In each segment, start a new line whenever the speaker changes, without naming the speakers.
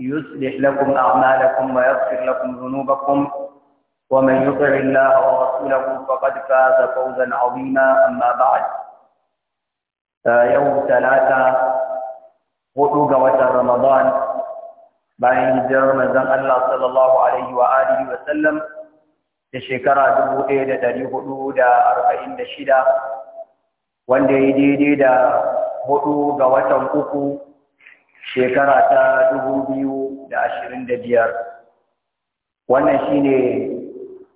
يصلح لكم أعمالكم ويغفر لكم ذنوبكم ومن يطع الله ورسوله فقد فاز فوزا عظيما أما بعد يوم ثلاثة قدوك وتر رمضان bayan hijirar mazan Allah sallallahu alaihi wa shekara dubu ɗaya da arba'in da shida wanda ya daidai da hudu ga watan uku shekara ta dubu biyu da ashirin da biyar wannan shine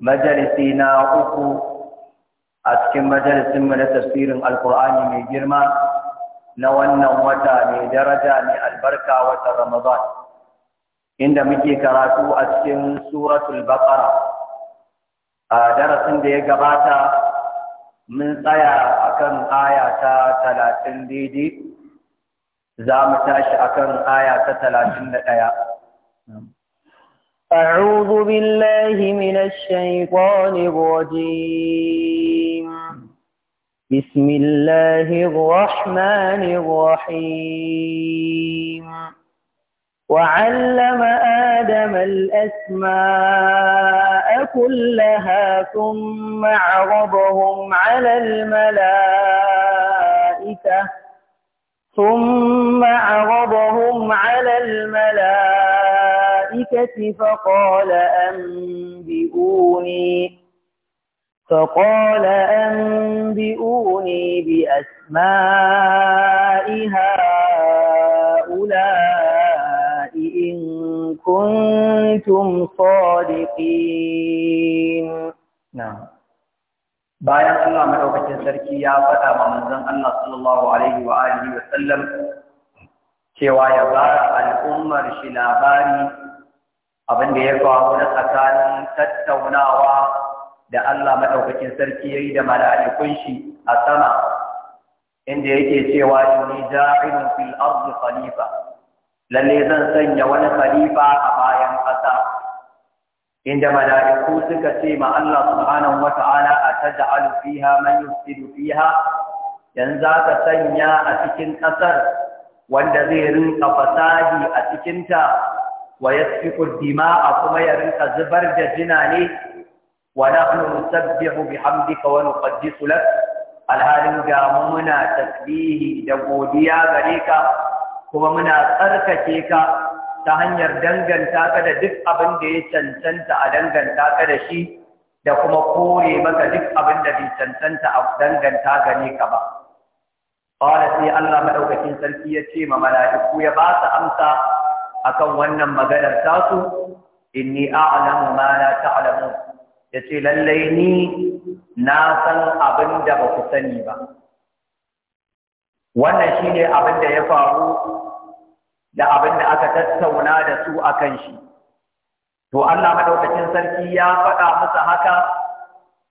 majalisi na uku a cikin mu na tafsirin alkur'ani mai girma na wannan wata mai daraja mai albarka watan ramadan inda muke karatu a cikin suratul baqara a darasin da ya gabata mun tsaya akan aya ta talatin daidai زامتاش mu آية
تتلاشن آية أعوذ بالله من الشيطان الرجيم بسم الله الرحمن الرحيم وعلم آدم الأسماء كلها ثم عرضهم على الملائكة ثم عرضهم على الملائكة فقال أنبئوني فقال أنبئوني بأسماء هؤلاء إن كنتم صادقين نعم
bayan Allah madaukakin sarki ya faɗa wa manzon Allah sallallahu alaihi wa alihi wa sallam cewa ya ba al'ummar shi labari abin da ya faru na tsakanin tattaunawa da Allah madaukakin sarki yayi da mala'ikun shi a sama inda yake cewa inni ja'ilun fil ardi khalifa lalle zan sanya wani khalifa a bayan ƙasa inda mala'iku suka ce ma Allah subhanahu wata'ala ta'ala a taj'alu fiha man yufsidu fiha yanzu ka sanya a cikin ƙasar wanda zai rinka fasadi a cikin ta wa yasfiku dima'a kuma ya rinka zubar da ne wa nahnu nusabbihu bihamdika wa nuqaddisu lak alhalin ga muna tasbihi da godiya gare ka kuma muna tsarkake ka ta hanyar danganta ka da duk abin da ya cancanta a danganta ka da shi da kuma kore maka duk abin da bai cancanta a danganta gare ka ba. Kawai sai Allah maɗaukakin sarki ya ce ma mala'iku ya ba su amsa a kan wannan maganar tasu, inni a'lamu ma ta alamu, ya ce lallai ni na san abin da ba ku sani ba. Wannan shi ne abin da ya faru da abin da aka tattauna da su a kan shi. To Allah maɗaukacin sarki ya faɗa musu haka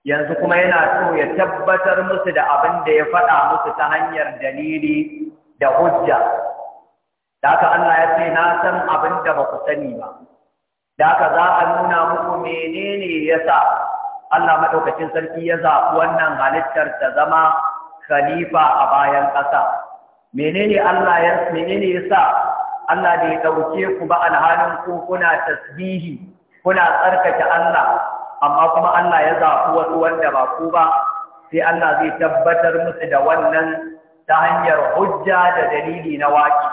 yanzu kuma yana so ya tabbatar musu da abin da ya faɗa musu ta hanyar dalili da hujja. Da haka Allah ya ce na san abin da ba ku sani ba. Da haka za a nuna muku menene ya sa Allah maɗaukacin sarki ya zaɓi wannan halittar ta zama khalifa a bayan ƙasa. Menene Allah ya sa Allah bai ɗauke ku ba alhalin ku kuna tasbihi kuna tsarkake Allah amma kuma Allah ya zaɓi wasu wanda ba ku ba sai Allah zai tabbatar musu da wannan ta hanyar hujja da dalili na waki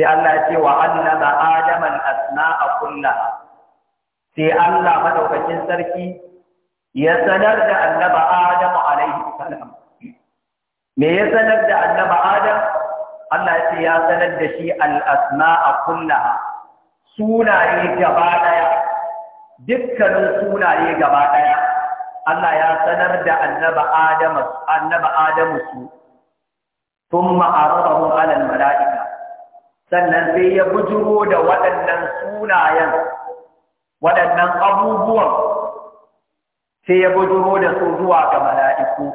sai Allah ce wa annaba adaman a kullaha sai Allah madaukakin sarki ya sanar da annaba Adamu alaihi salam me ya sanar da annaba Adam Allah ya ce ya sanar da shi al-asma'a kullaha sunaye gaba ɗaya, dukkanin sunaye gaba ɗaya. Allah ya sanar da annaba Adamu annaba Adam su thumma aradahu ala malaika sannan sai ya bujuro da waɗannan sunayen waɗannan abubuwan sai ya bujuro da su zuwa ga mala'iku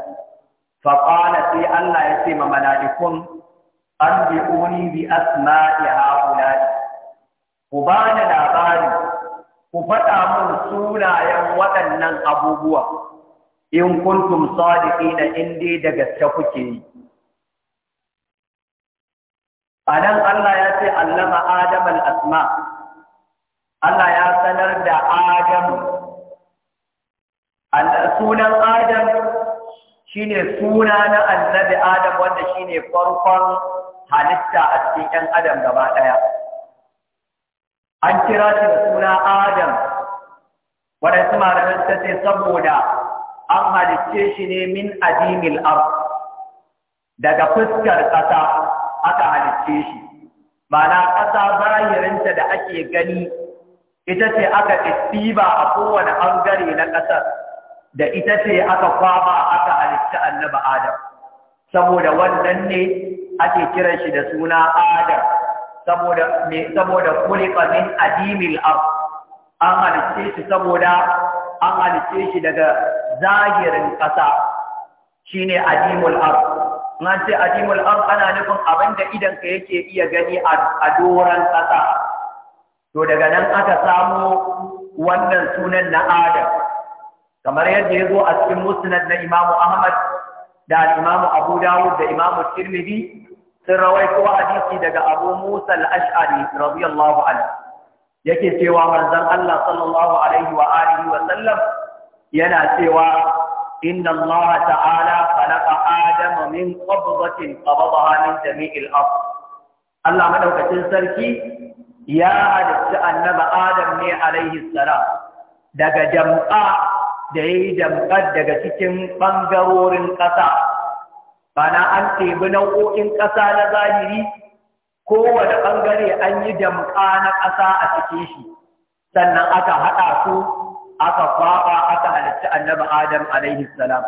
faƙala sai Allah ya ce ma mala'ikun an bi uni bi asma'i haulai ku ba ni labari ku faɗa mun sunayen waɗannan abubuwa in kuntum sadiqina in dai da gaske kuke yi a nan Allah ya ce allama Adam al-asma Allah ya sanar da Adam sunan Adam shine suna na annabi Adam wanda shine farkon halitta a cikin ‘yan adam gaba ɗaya. An kira shi da suna Adam, waɗansu malaman ta ce saboda an halicce shi ne min adimil ar daga fuskar ƙasa aka halicce shi. Mana ƙasa zahirinta da ake gani ita ce aka ɗiba a kowane ɓangare na ƙasar da ita ce aka kwaba aka halicci annaba Adam. Saboda wannan ne ake kiran shi da suna Adam saboda me saboda kulika min adimil ab an halice shi saboda an halice shi daga zahirin kasa shine adimul ab nan ce adimul ab ana nufin abinda idan ka yake iya gani a doran ƙasa to daga nan aka samo wannan sunan na Adam kamar yadda ya zo a cikin musnad na Imam Ahmad da imamu abu dawud da imamu tirmidhi sun rawaito hadisi daga abu musa al-ash'ari radiyallahu anhu yake cewa manzon Allah sallallahu alaihi wa alihi wa sallam yana cewa inna Allah ta'ala khalaqa Adamu min qabdatin qabadaha min jami'il ard Allah madaukakin sarki ya halitta annaba adam ne alaihi salam daga jam'a da ya yi damkar daga cikin ɓangarorin ƙasa bana an tebi nau'o'in ƙasa na zahiri kowane ɓangare an yi damƙa na ƙasa a cikin shi sannan aka haɗa su aka kwaɓa aka halitta annabi adam alaihi salam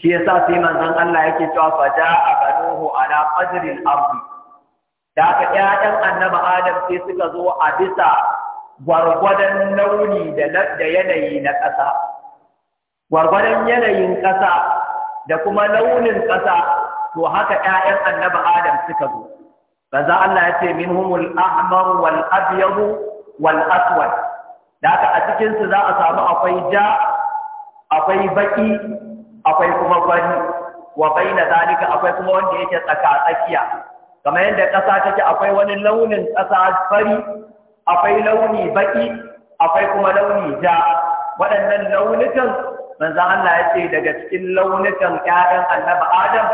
shi sa sai manzon Allah yake cewa
fa ja'a banuhu ala qadri abu. da aka 'ya'yan annabi adam sai suka zo a bisa gwargwadon launi da yanayi na ƙasa gwargwadon yanayin ƙasa da kuma launin ƙasa to haka ‘ya'yan annabi Adam suka zo. Banza Allah ya ce min humul ahmar wal abyaru wal aswad. Da haka a cikinsu za a samu akwai ja, akwai baki, akwai kuma gwani, wa bai na zalika akwai kuma wanda yake tsaka-tsakiya. Kamar yadda ƙasa take akwai wani launin ƙasa fari, akwai launi baki, akwai kuma launi ja. Waɗannan launukan manzon Allah ya ce daga cikin launukan ƴaƴan annaba Adam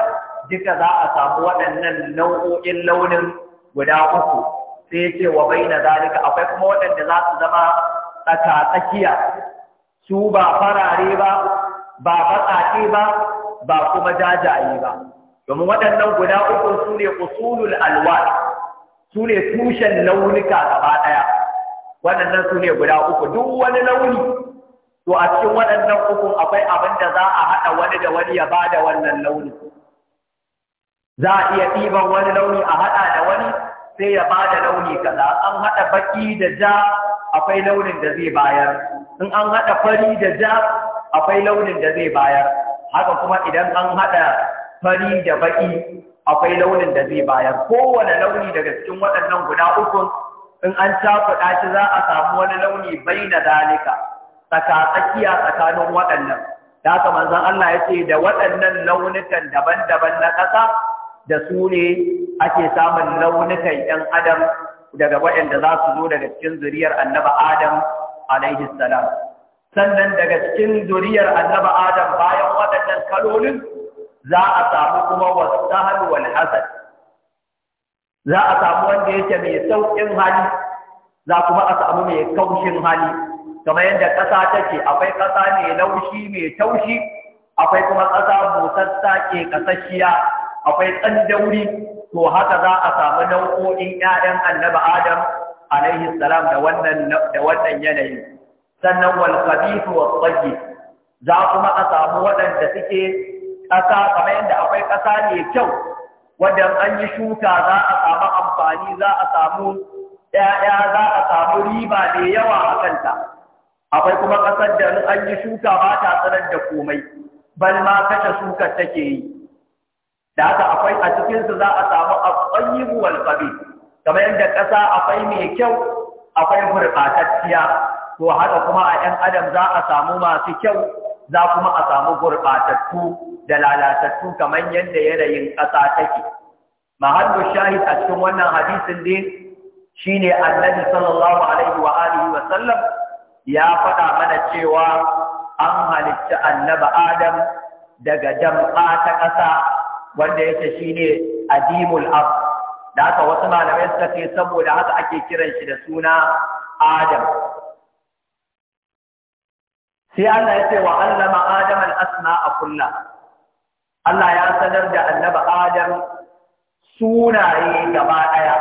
duka za a samu waɗannan nau'o'in launin guda uku sai ya ce wa baina zalika akwai kuma waɗanda za su zama tsaka tsakiya su ba farare ba ba baƙaƙe ba ba kuma jajaye ba domin waɗannan guda uku su ne usulul alwal su ne tushen launuka gaba ɗaya waɗannan su ne guda uku duk wani launi to a cikin waɗannan ukun akwai abin da za a haɗa wani da wani ya ba da wannan launi za a iya ɗiban wani launi a haɗa da wani sai ya ba da launi kaza an haɗa baki da ja akwai launin da zai bayar in an haɗa fari da ja akwai launin da zai bayar haka kuma idan an haɗa fari da baki akwai launin da zai bayar kowane launi daga cikin waɗannan guda uku in an cakuɗa shi za a samu wani launi bai na zalika tsakatsakiya tsakanin waɗannan da haka manzon Allah ya ce da waɗannan launukan daban-daban na ƙasa da su ne ake samun launukan ‘yan adam daga waɗanda za su zo daga cikin zuriyar annaba adam alaihi salam sannan daga cikin zuriyar annaba adam bayan waɗannan kalolin za a samu kuma wasahal wal hasad za a samu wanda yake mai sauƙin hali za kuma a samu mai kaushin hali kamar yadda ƙasa take akwai ƙasa mai laushi mai taushi akwai kuma ƙasa busassa ke ƙasashiya akwai tsandauri to haka za a samu nau'o'in ƴaƴan annabi adam alaihi salam da wannan da wannan yanayi sannan wal khabithu wat tayyib za kuma a samu waɗanda suke ƙasa kamar yadda akwai ƙasa mai kyau wanda an yi shuka za a samu amfani za a samu ƴaƴa za a samu riba da yawa a kanta akwai kuma ƙasar da in an yi shuka ba ta tsanar da komai bal ma kashe shukar take yi da haka akwai a cikinsu za a samu aƙwayyibu wal qabi kamar yadda ƙasa akwai mai kyau akwai gurɓatacciya to haka kuma a 'yan adam za a samu masu kyau za kuma a samu gurɓatattu da lalatattu kamar yadda yanayin ƙasa take mahallu shahid a cikin wannan hadisin dai shine annabi sallallahu alaihi wa alihi wa sallam ya faɗa mana cewa an halitta annaba Adam daga jam'a ta ƙasa wanda yake shine adimul ab da haka wasu malamai suka ce saboda haka ake kiran shi da suna Adam sai Allah ya ce wa allama Adam al-asma a kulla Allah ya sanar da annaba Adam sunaye gaba ɗaya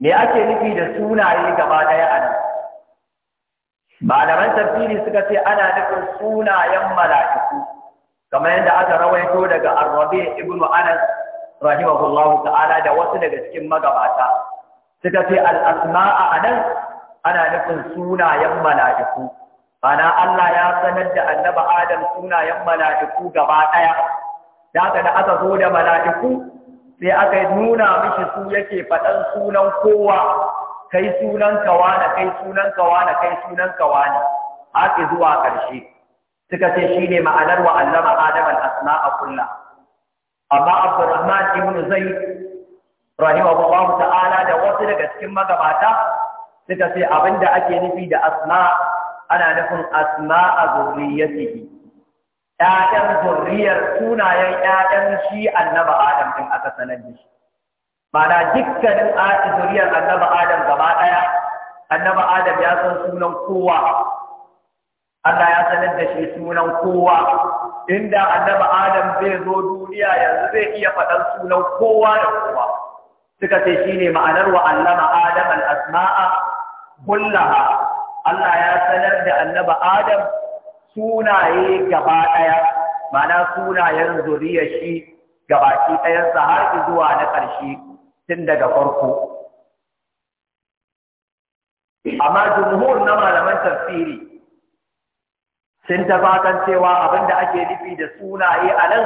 me ake nufi da sunaye gaba ɗaya a nan malaman tafsiri suka ce ana nufin sunayen mala'iku kamar yadda aka rawaito daga arabi ibn anas rahimahullahu ta'ala da wasu daga cikin magabata suka ce al-asma'a anan ana nufin sunayen mala'iku ana Allah ya sanar da annaba Adam sunayen mala'iku gaba daya da aka da aka zo da mala'iku sai aka nuna mishi su yake faɗan sunan kowa kai sunan kawana kai sunan kawana kai sunan kawana har zuwa ƙarshe suka ce shine ma'anar wa allama adam al-asma'a kulla. amma abdurrahman ibn zaid rahimahullahu ta'ala da wasu daga cikin magabata suka ce abinda ake nufi da asma ana nufin asma'a zurriyatihi Ya'yan zurriyar sunayen ya'yan shi annaba adam ɗin aka sanar da shi mana dukkanin zuriyar annaba adam gaba ɗaya annaba adam ya san sunan kowa Allah ya sanar da shi sunan kowa inda annaba adam zai zo duniya yanzu zai iya faɗan sunan kowa da kowa suka ce shine ma'anar wa allama adam al-asma'a kullaha Allah ya sanar da annaba adam sunaye gaba ɗaya ma'ana sunayen zuriyar shi gabaki ɗayansa har zuwa na ƙarshe tun daga farko amma jumhur na malaman tafsiri sun tabbatar cewa abinda ake nufi da sunaye a nan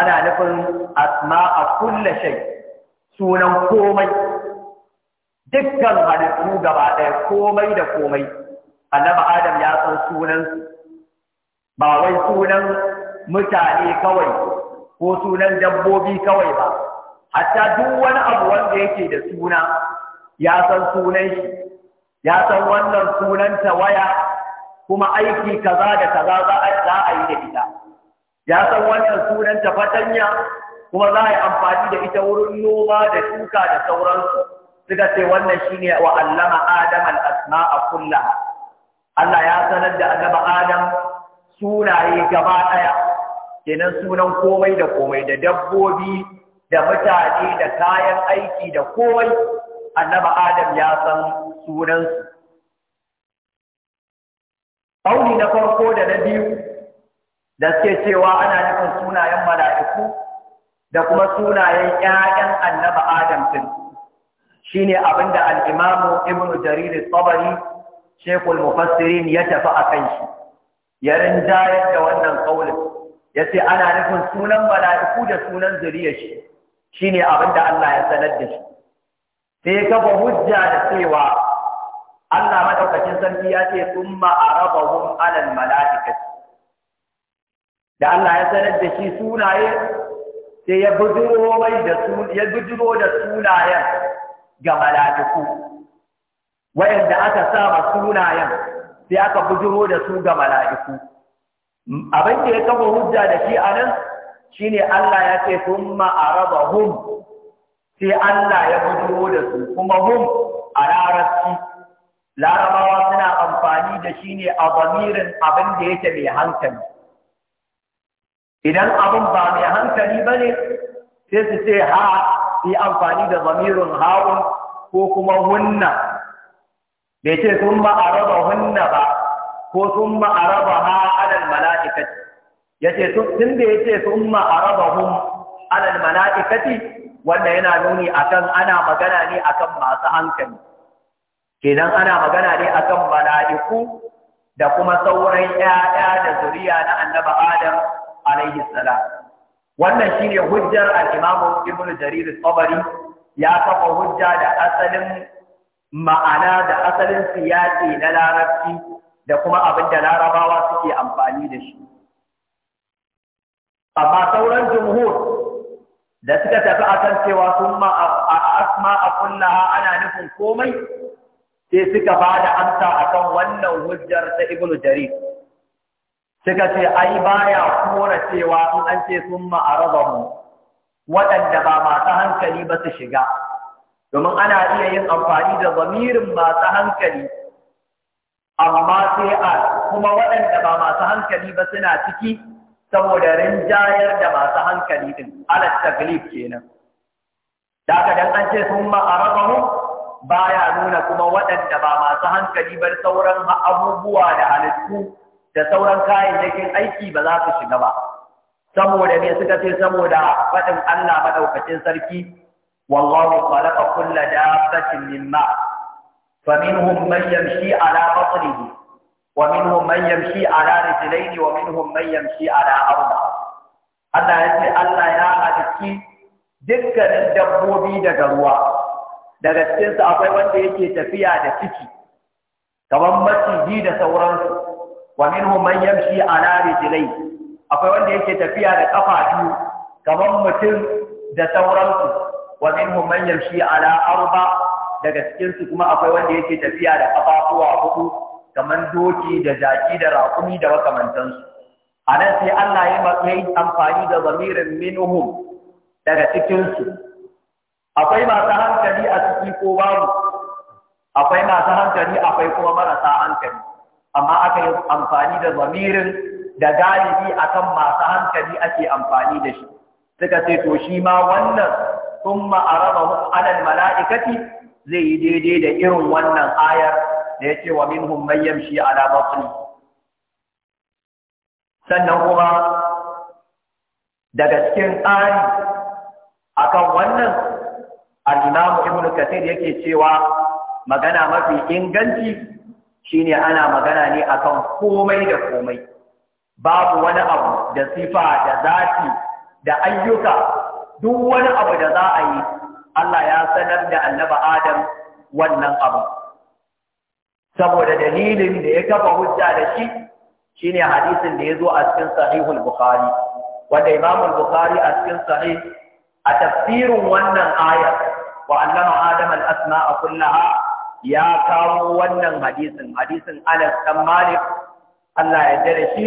ana nufin asma a kulle shai sunan komai dukkan halittu gaba ɗaya komai da komai annabi adam ya san sunan ba wai sunan mutane kawai ko sunan dabbobi kawai ba hatta duk wani abu wanda yake da suna ya san sunan shi ya san wannan sunan ta waya kuma aiki kaza da kaza za a yi da ita ya san wannan sunan ta fatanya kuma za a yi amfani da ita wurin noma da shuka da sauransu suka ce wannan shine wa allama adam al-asma'a kullaha Allah ya sanar da annabi adam
sunaye gaba daya
kenan sunan komai da komai da dabbobi da mutane da kayan aiki da kowai annaba adam ya san sunansu ƙauni na farko da na biyu da suke cewa ana nufin sunayen mala'iku da kuma sunayen 'ya'yan annaba adam din shine abin da al-imamu ibnu jarir at-tabari shaykhul mufassirin ya tafi a kan shi ya rinjayar da wannan kaulin yace ana nufin sunan mala'iku da sunan zuriyar shi ne abin da Allah ya sanar da shi sai kafa hujja da cewa Allah madaukakin sarki ya ce thumma arabahum alal malaikati da Allah ya sanar da shi sunaye sai ya bujiro mai da su ya da sunayen ga malaiku wayanda aka ma sunayen sai aka bujiro da su ga malaiku abin da ya kafa hujja da shi anan shine Allah ya ce thumma hum sai Allah ya bujuro da su kuma hum a larabci larabawa suna amfani da shi ne a zamirin abin da yake mai hankali idan abin ba mai hankali ba ne sai su ce ha yi amfani da zamirin ha'un ko kuma hunna bai ce sun ma'araba hunna ba ko sun ma'araba raba alal mala'ikati ya ce tun da ya ce sun ma'arabahun alal mala'ikati wanda yana nuni akan ana magana ne akan masu hankali kenan ana magana ne akan mala'iku da kuma sauran ‘ya'ya da zuriya na Annabi adam alaihi salam wannan shine hujjar al-imamu ibnu jarir tsabari ya kafa hujja da asalin ma'ana da asalin siyasi na larabci da kuma abin da larabawa suke amfani da shi amma sauran jumhur
da suka tafi akan
cewa sun ma a asma a kullaha ana nufin komai sai suka ba da amsa akan wannan hujjar ta ibnu jarir suka ce ai baya kora cewa in an ce sun ma a waɗanda ba masu hankali ba su shiga domin ana iya yin amfani da zamirin masu hankali amma sai a kuma waɗanda ba masu hankali ba suna ciki saboda rinjayar da masu hankali din ala taklif kenan da aka dan an ce sun ma'arabahu baya nuna kuma waɗanda ba masu hankali bar sauran abubuwa da halittu da sauran kayayyakin aiki ba za su shiga ba saboda me suka ce saboda faɗin Allah madaukakin sarki wallahu khalaqa kulla dabbatin min ma' فمنهم من يمشي على بطنه ومنهم من يمشي على رجلين ومنهم من يمشي على أربع Allah ya ce Allah ya halicci dukkanin dabbobi daga ruwa daga cikinsu akwai wanda yake tafiya da ciki kamar maciji da sauransu wa minhum man yamshi ala rijlai akwai wanda yake tafiya da kafa biyu kamar mutum da sauransu wa minhum man yamshi ala arba daga cikinsu kuma akwai wanda yake tafiya da kafafuwa hudu kamar doki da jaki da raƙumi da makamantansu a nan sai Allah ya yi amfani da zamirin minuhum daga cikinsu akwai masu hankali a ciki ko babu akwai masu hankali akwai kuma marasa hankali amma aka yi amfani da zamirin da galibi akan masu hankali ake amfani da shi suka ce to shi ma wannan sun ma'araba alal mala'ikati zai yi daidai da irin wannan ayar da ya ce wa minhum man yamshi ala batni sannan kuma daga cikin tsari akan wannan al-Imam Ibn Kathir yake cewa magana mafi inganci shine ana magana ne akan komai da komai babu wani abu da sifa da zati da ayyuka duk wani abu da za a yi Allah ya sanar da annaba Adam wannan abu saboda dalilin da ya kafa hujja da shi shine hadisin da ya zo a cikin sahihul bukhari wanda imam bukhari a cikin sahih a tafsirin wannan ayar wa allama adam al-asma'a kullaha ya kawo wannan hadisin hadisin Anas dan Malik Allah ya dare shi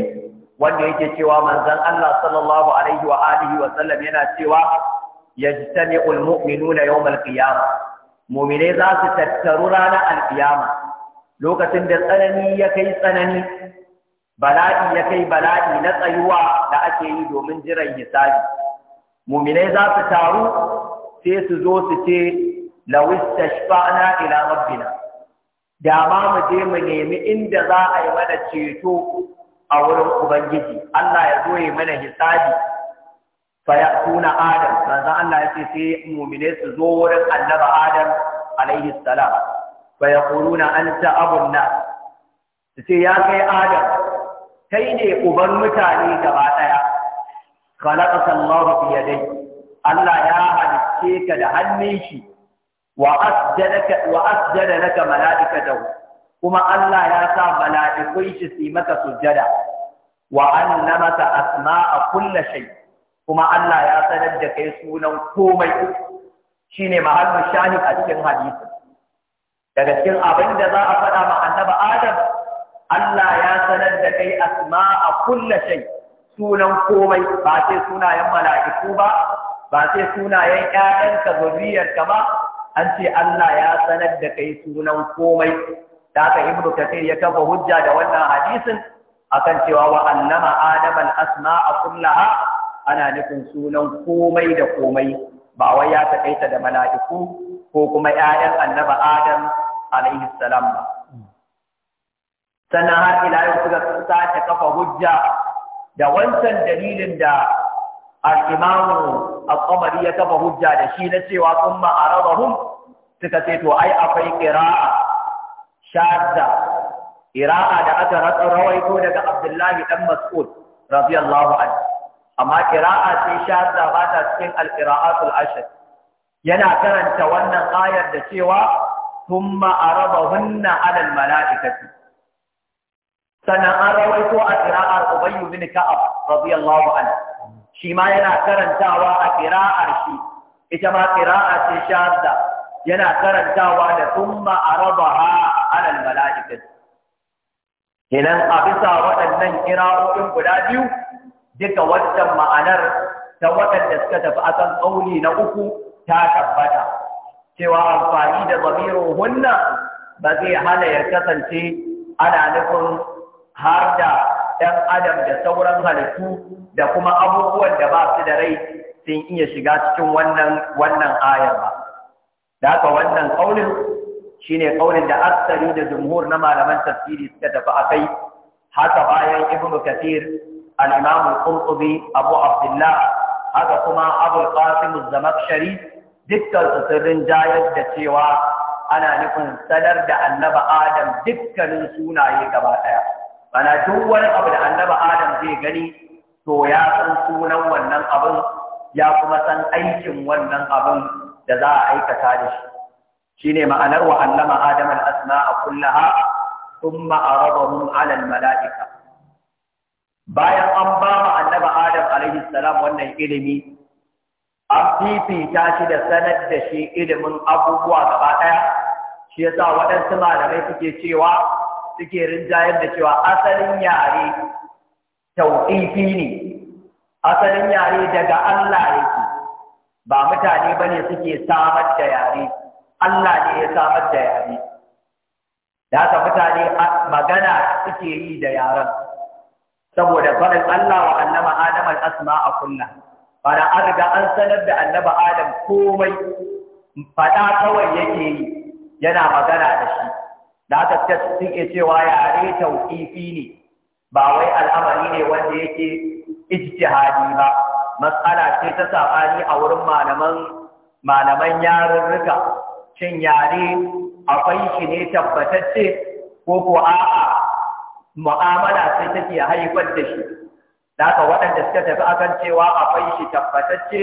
wanda yake cewa manzon Allah sallallahu alaihi wa alihi wa sallam yana cewa yajtami'ul mu'minuna yawm al-qiyamah mu'mine za su tattaru ranar al-qiyamah lokacin da tsanani ya kai tsanani bala'i ya kai bala'i na tsayuwa da ake yi domin jiran hisabi
muminai za su taru
sai su zo su ce lawistashfa'na ila rabbina da ma mu je mu nemi inda za a yi mana ceto a wurin ubangiji Allah ya zo ya mana hisabi fa ya'tuna adam manzo Allah ya ce sai muminai su zo wurin annabi adam alaihi salam Baya yaquluna anta abun na su ce ya kai adam kai ne uban mutane gaba daya khalaqaka Allah bi yadayhi Allah ya halicce ka da hannun shi wa asjadaka wa asjada laka malaikatahu kuma Allah ya sa mala'ikun shi su maka sujjada wa annamaka asma'a kulli shay kuma Allah ya sanar da kai sunan komai shine mahallin shahi a cikin hadisi daga cikin abin da za a faɗa ma annaba adam Allah ya sanar da kai asma'a kulla shay sunan komai ba sai sunayen mala'iku ba ba sai sunayen ƴaƴanka zuriyarka ba an ce Allah ya sanar da kai sunan komai da aka ibnu kathir ya kafa hujja da wannan hadisin akan cewa wa annama adam al asma'a kullaha ana nufin sunan komai da komai ba wai ya takaita da mala'iku ko kuma ‘ya'yan annaba Adam alaihi salam ba. Sannan har ila yau suka sace kafa hujja da wancan dalilin da al'imamu ƙamari ya kafa hujja da shi na cewa sun ma'ararrahun suka ce to ai akwai ƙira'a shadda ƙira'a da aka rawaito daga Abdullahi ɗan Mas'ud radiyallahu anhu amma ƙira'a sai shadda ba ta cikin al-qira'atul ashir yana karanta wannan ayar da cewa thumma arabahunna 'ala al-mala'ikati sannan an rawaito a qira'ar Ubay bin Ka'ab radiyallahu shi ma yana karantawa a kira'ar shi ita ma qira'a ce shadda yana karantawa da thumma arabaha 'ala al-mala'ikati Idan a bisa waɗannan kira'o'in guda biyu duka wancan ma'anar ta waɗanda suka tafi akan ƙauli na uku ta tabbata cewa amfani da zamirin hunna ba zai hana ya kasance ana nufin har da ɗan adam da sauran halittu da kuma abubuwan da ba su da rai sun iya shiga cikin wannan wannan ayar ba da haka wannan ƙaunin shine ƙaunin da aksari da jumhur na malaman tafsiri suka tafi kai, haka bayan ibnu kathir al-imam al-qurtubi abu abdullah haka kuma abul qasim az-zamakhshari dukkan su sirrin jayar da cewa ana nufin sanar da annaba adam dukkanin sunaye gaba daya bana duk wani abu da annaba adam zai gani to ya san sunan wannan abin ya kuma san aikin wannan abin da za a aikata da shi shine ma'anar wa allama adam al-asma'a kullaha thumma aradahum 'ala al-mala'ika bayan an ba ma annabi Adam alaihi salam wannan ilimi an fifita shi da sanar da shi ilimin abubuwa gaba ɗaya
shi yasa waɗansu malamai suke
cewa suke rinjayar da cewa asalin yare tauƙifi ne asalin yare daga Allah yake ba mutane ba ne suke samar da yare Allah ne ya samar da yare da haka mutane magana suke yi da yaren saboda faɗin Allah wa annaba Adam al-asma a kulla fara an riga an sanar da annaba Adam komai faɗa kawai yake yi yana magana da shi da aka ce cewa yare tauƙifi ne ba wai al'amari ne wanda yake ijtihadi ba matsala ce ta saɓani a wurin malaman malaman yarurruka shin yare akwai shi ne tabbatacce ko ko a'a mu'amala sai take haifar da shi da ka waɗanda suka tafi akan cewa akwai shi tabbatacce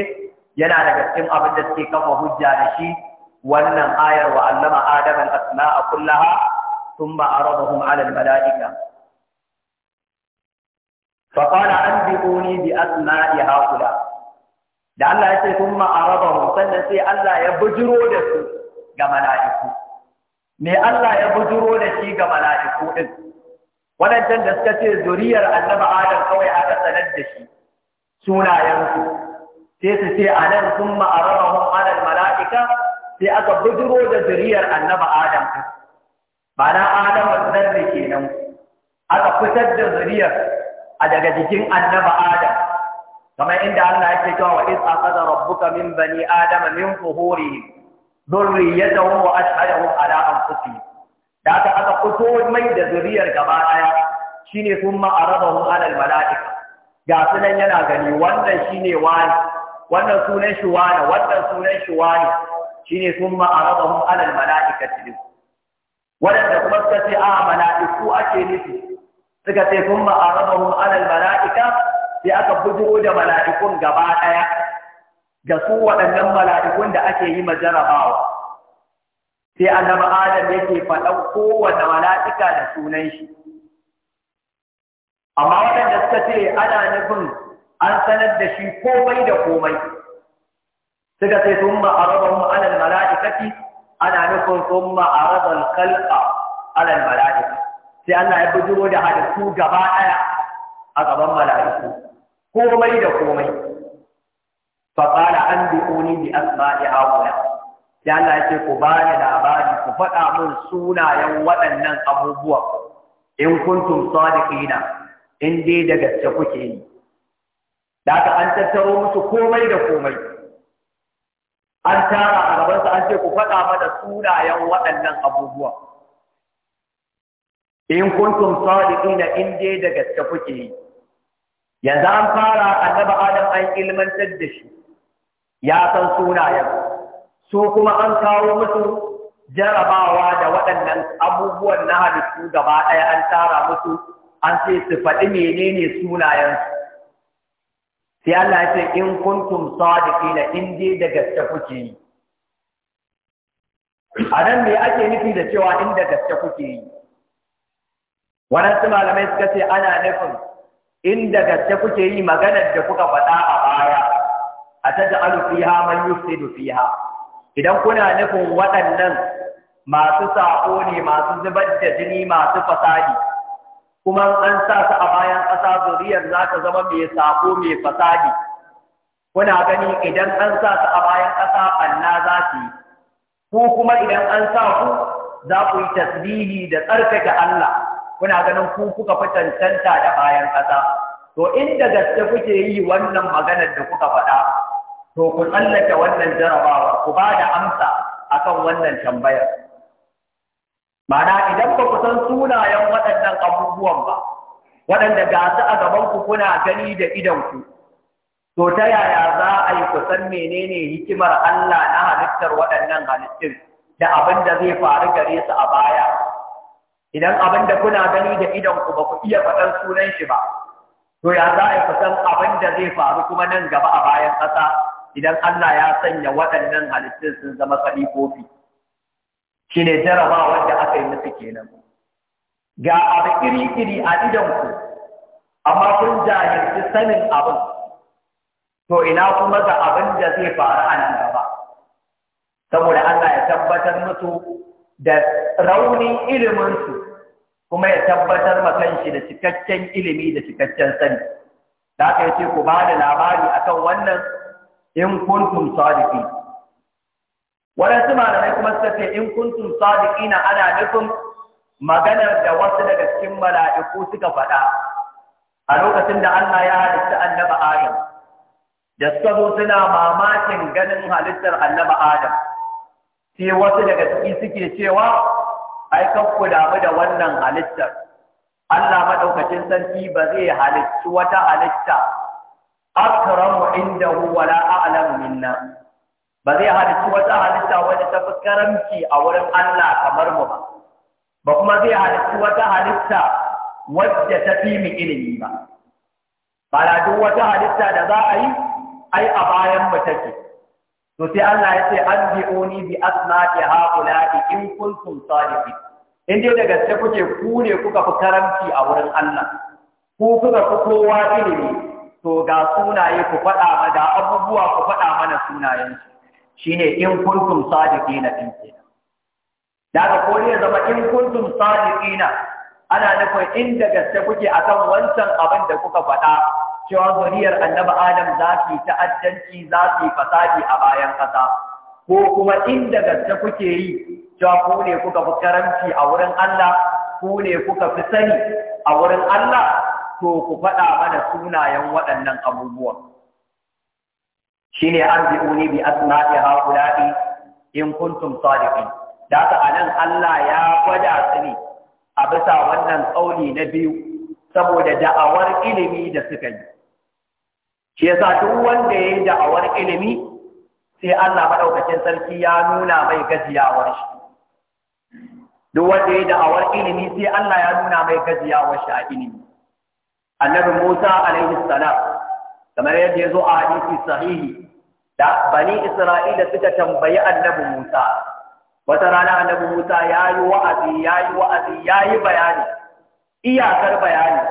yana daga cikin abin da suke kafa hujja da shi wannan ayar wa allama adam al-asma'a kullaha thumma aradahum 'ala al-mala'ika fa qala anbi'uni bi asma'i haula da Allah ya ce thumma aradahum sannan sai Allah ya bujuro da su ga mala'iku me Allah ya bujuro da shi ga mala'iku din waɗancan da suka ce zuriyar annaba adam kawai aka sanar da shi sunayensu sai su ce a nan sun ma'ararrahun alal mala'ika sai aka bujiro da zuriyar annaba adam ba na adam zarri kenan aka fitar da zuriyar a daga jikin annaba adam kamar inda Allah yake cewa wa iz aqada rabbuka min bani adama min zuhurihim ya wa ashhadahum ala kuti. da aka aka fito mai da zuriyar gaba daya shine sun ma'arabahum alal mala'ika ga sunan yana gani wannan shine wani wannan sunan shi wani wannan sunan shi wani shine sun ma'arabahum alal mala'ikati din wadanda kuma suka ce a mala'iku ake nufi suka ce sun ma'arabahum alal mala'ika sai aka bujo da mala'ikun gaba daya da su waɗannan mala'ikun da ake yi majarabawa. sai annabi adam yake faɗan kowane mala'ika da sunan shi amma waɗanda suka ce ana nufin an sanar da shi komai da komai suka ce sun ma'arabar alal mala'ikati ana nufin sun ma'arabar kalka alal mala'ika sai Allah ya bujiro da halittu gaba ɗaya a gaban mala'iku komai da komai fa qala an bi'uni bi asma'i haula sai Allah ya ce ku ba ni labari ku faɗa min sunayen waɗannan abubuwan in kuntum sadiqina in dai da gaske kuke yi da aka an tattaro musu komai da komai an tara a gabansa an ce ku faɗa mana sunayen waɗannan abubuwan in kuntum sadiqina in dai da gaske kuke yi yanzu an fara annabi adam an ilmantar da shi ya san sunayen su kuma an kawo musu jarabawa da waɗannan abubuwan na halittu gaba ɗaya an tara musu an ce su faɗi menene sunayensu sai Allah ya ce in kuntum sadiqina in dai da gaske kuke yi a me ake nufi da cewa in da gaske kuke yi su malamai suka ce ana nufin inda gaske kuke yi maganar da kuka faɗa a baya a ta ja'alu fiha man yusidu fiha idan kuna nufin waɗannan masu saƙo ne masu zubar da jini masu fasadi kuma an sa su a bayan ƙasa zuriyar za ta zama mai saƙo mai fasadi kuna gani idan an sa su a bayan ƙasa ɓanna za su yi ko kuma idan an sa ku za ku yi tasbihi da tsarkake Allah kuna ganin ku kuka fi cancanta da bayan ƙasa to inda gaske kuke yi wannan maganar da kuka faɗa to ku tsallake wannan jarabawa ku ba da amsa akan wannan tambayar Mana idan ba ku san sunayen waɗannan abubuwan ba, waɗanda ga su a gabanku kuna gani da idanku, to ta yaya za a yi ku san menene hikimar Allah na halittar waɗannan halittun da abin da zai faru gare su a baya. Idan abin da kuna gani da idanku ba ku iya faɗan sunan shi ba, to ya za a yi ku san abin da zai faru kuma nan gaba a bayan ƙasa idan Allah ya sanya waɗannan halittun sun zama faɗi kofi. Shi ne jaraba wanda aka yi musu kenan ga abu iri-iri a idanku amma kun jahilci sanin abin to ina kuma ga abin da zai faru a nan gaba saboda Allah ya tabbatar musu da raunin iliminsu kuma ya tabbatar ma shi da cikakken ilimi da cikakken sani da aka yi ce ku ba da labari akan wannan in kuntum sadiqin su malamai kuma suka ce in kuntum sadiqina ana nufin maganar da wasu daga cikin mala'iku suka faɗa a lokacin da Allah ya halitta annaba Adam da suka zo suna mamakin ganin halittar annaba Adam sai wasu daga ciki suke cewa ai kan ku damu da wannan halittar Allah madaukakin sarki ba zai halicci wata halitta akramu indahu wa la a'lamu minna ba zai halitta wata halitta wadda ta fi karamci a wurin Allah kamar mu ba ba kuma zai halitta wata halitta wadda ta fi mu ilimi ba ba la duk wata halitta da za a yi ai a bayan mu take to sai Allah ya ce an bi'uni bi asma'i haula'i in kuntum sadiqin in dai da gaske kuke ku ne kuka fi karamci a wurin Allah ku kuka fi kowa ilimi to ga sunaye ku faɗa mana da abubuwa ku faɗa mana sunayen shi shine in kuntum sadiqina din ke daga ko ne zama in kuntum sadiqina ana nufin in da gaske kuke akan wancan abin da kuka faɗa cewa zuriyar annabi adam za su yi ta'addanci za su yi fasadi a bayan ƙasa ko kuma in da gaske kuke yi cewa ku ne kuka fi karamci a wurin Allah ku ne kuka fi sani a wurin Allah to ku faɗa mana sunayen waɗannan abubuwan Shi shine arzi'uni bi asma'i haula'i in kuntum sadiqin da haka anan Allah ya gwada su ne a bisa wannan tsauni na biyu saboda da'awar ilimi da suka yi shi sa duk wanda ya yi da'awar ilimi sai Allah maɗaukacin sarki ya nuna mai gajiyawar shi duk wanda ya yi da'awar ilimi sai Allah ya nuna mai gajiyawar shi a ilimi annabi Musa alaihi salam kamar yadda ya zo a hadisi sahihi da bani Isra'ila suka tambayi annabi Musa wata rana annabi Musa ya yi wa'azi ya yi wa'azi ya yi bayani iyakar bayani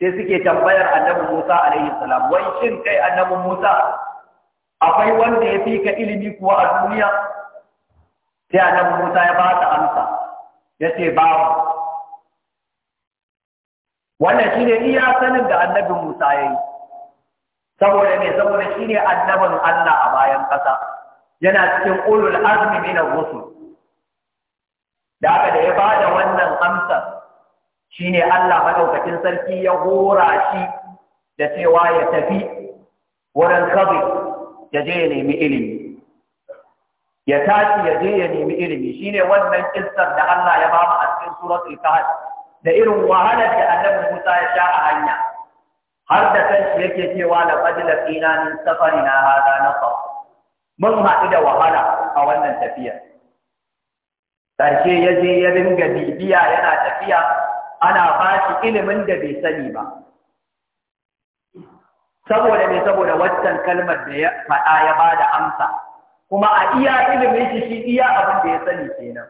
sai suke tambayar annabi Musa alaihi salam wai shin kai annabi Musa akwai wanda ya fi ka ilimi kuwa a duniya sai annabi Musa ya ba ta amsa ya ce babu wannan ne iya sanin da annabi Musa yi. saboda ne saboda shine annabin Allah a bayan kasa yana cikin ulul azmi min ar-rusul da aka da ya bada wannan amsa shine Allah maɗaukakin sarki ya hora shi da cewa ya tafi wurin kabi ya je ya nemi ilimi ya tashi ya je ya nemi ilimi shine wannan kissar da Allah ya ba mu a cikin suratul da irin wahalar da annabi Musa ya sha a hanya har da shi yake cewa la fadila fina min safarina hada fa mun haɗu da wahala a wannan tafiya Ƙarshe ya je ya ringa bibiya yana tafiya ana ba shi ilimin da bai sani ba saboda ne saboda waccan kalmar da ya faɗa ya bada amsa kuma a iya ilimin shi shi iya abin da ya sani kenan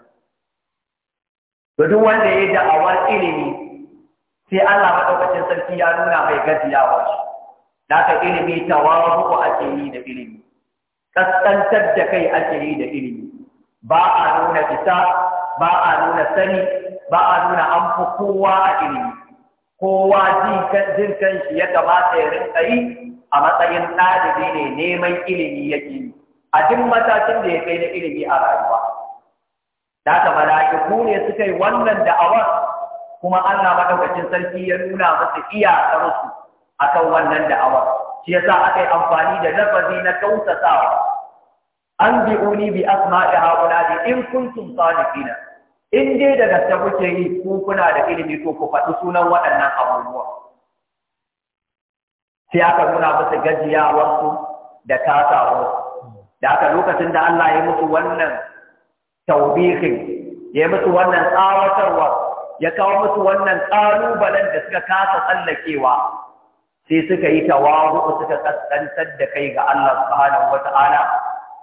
to duk wanda ya yi da'awar ilimi sai Allah maɗaukacin sarki ya nuna mai gajiyawa shi da ka ilimi ku ake yi da ilimi kaskantar da kai ake yi da ilimi ba a nuna isa ba a nuna sani ba a nuna an fi kowa a ilimi kowa jin kan shi ya kamata ya rinka yi a matsayin ɗalibi ne neman ilimi yake yi a duk matakin da ya kai na ilimi a rayuwa da ta mala'iku ne suka yi wannan da'awar kuma Allah madaukakin sarki ya nuna musu iya iyakarsu akan wannan da'awar shi yasa aka yi amfani da lafazi na kautatawa an bi uni bi asma'i haula in kuntum salihin in dai da gaske kuke yi ku kuna da ilimi ko ku faɗi sunan waɗannan abubuwa sai aka nuna musu gajiyawarsu da kasawo da aka lokacin da Allah ya musu wannan taubihin ya yi musu wannan tsawatarwa ya kawo musu wannan ƙalubalen da suka kasa tsallakewa sai suka yi tawaru suka kaskantar da kai ga Allah subhanahu wata'ala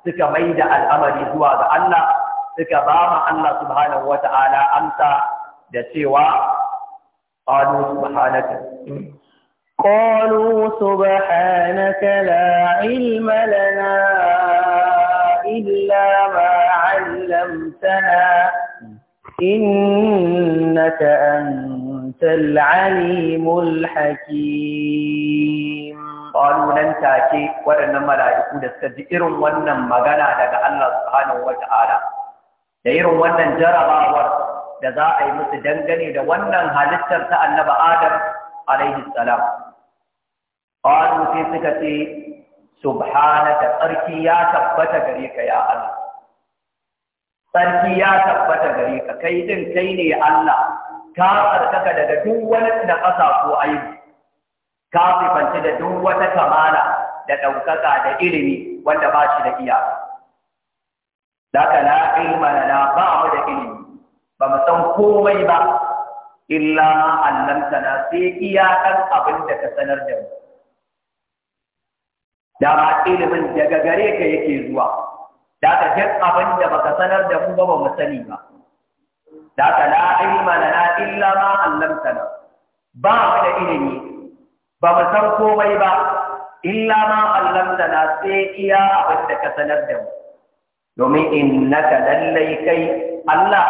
suka mai da al'amari zuwa ga Allah suka ba ma Allah subhanahu wata'ala amsa da cewa قالوا سبحانك
قالوا سبحانك لا ilma لنا إلا ما علمتنا إنك أنت العليم الحكيم قالوا لن تاكي ورن
ملائكو دستجئر ونن مغنى لك الله سبحانه وتعالى دائر ونن جربا ورد da za a yi musu dangane da wannan halittar ta annaba Adam alaihi salam. Ƙwano sai suka ce, subhanaka tsarki ya tabbata gare ka ya Allah tsarki ya tabbata gare ka kai din kai ne Allah ka tsarkaka daga duk wani da ƙasa ko ayyuka. ka sifanta da duk wata kamala da ɗaukaka da ilimi wanda ba shi da iyaka daga na ilma na ba mu da ilimi ba mu san komai ba illa ma na sai iyakar abin da ka sanar da mu da ba ilimin daga gare ka yake zuwa da ka jan abin da baka sanar da mu ba ba mu sani ba da ka la ilma lana illa ma 'allamtana ba mu da ilimi ba mu san komai ba illa ma 'allamtana sai iya abin da ka sanar da mu domin innaka lallai kai Allah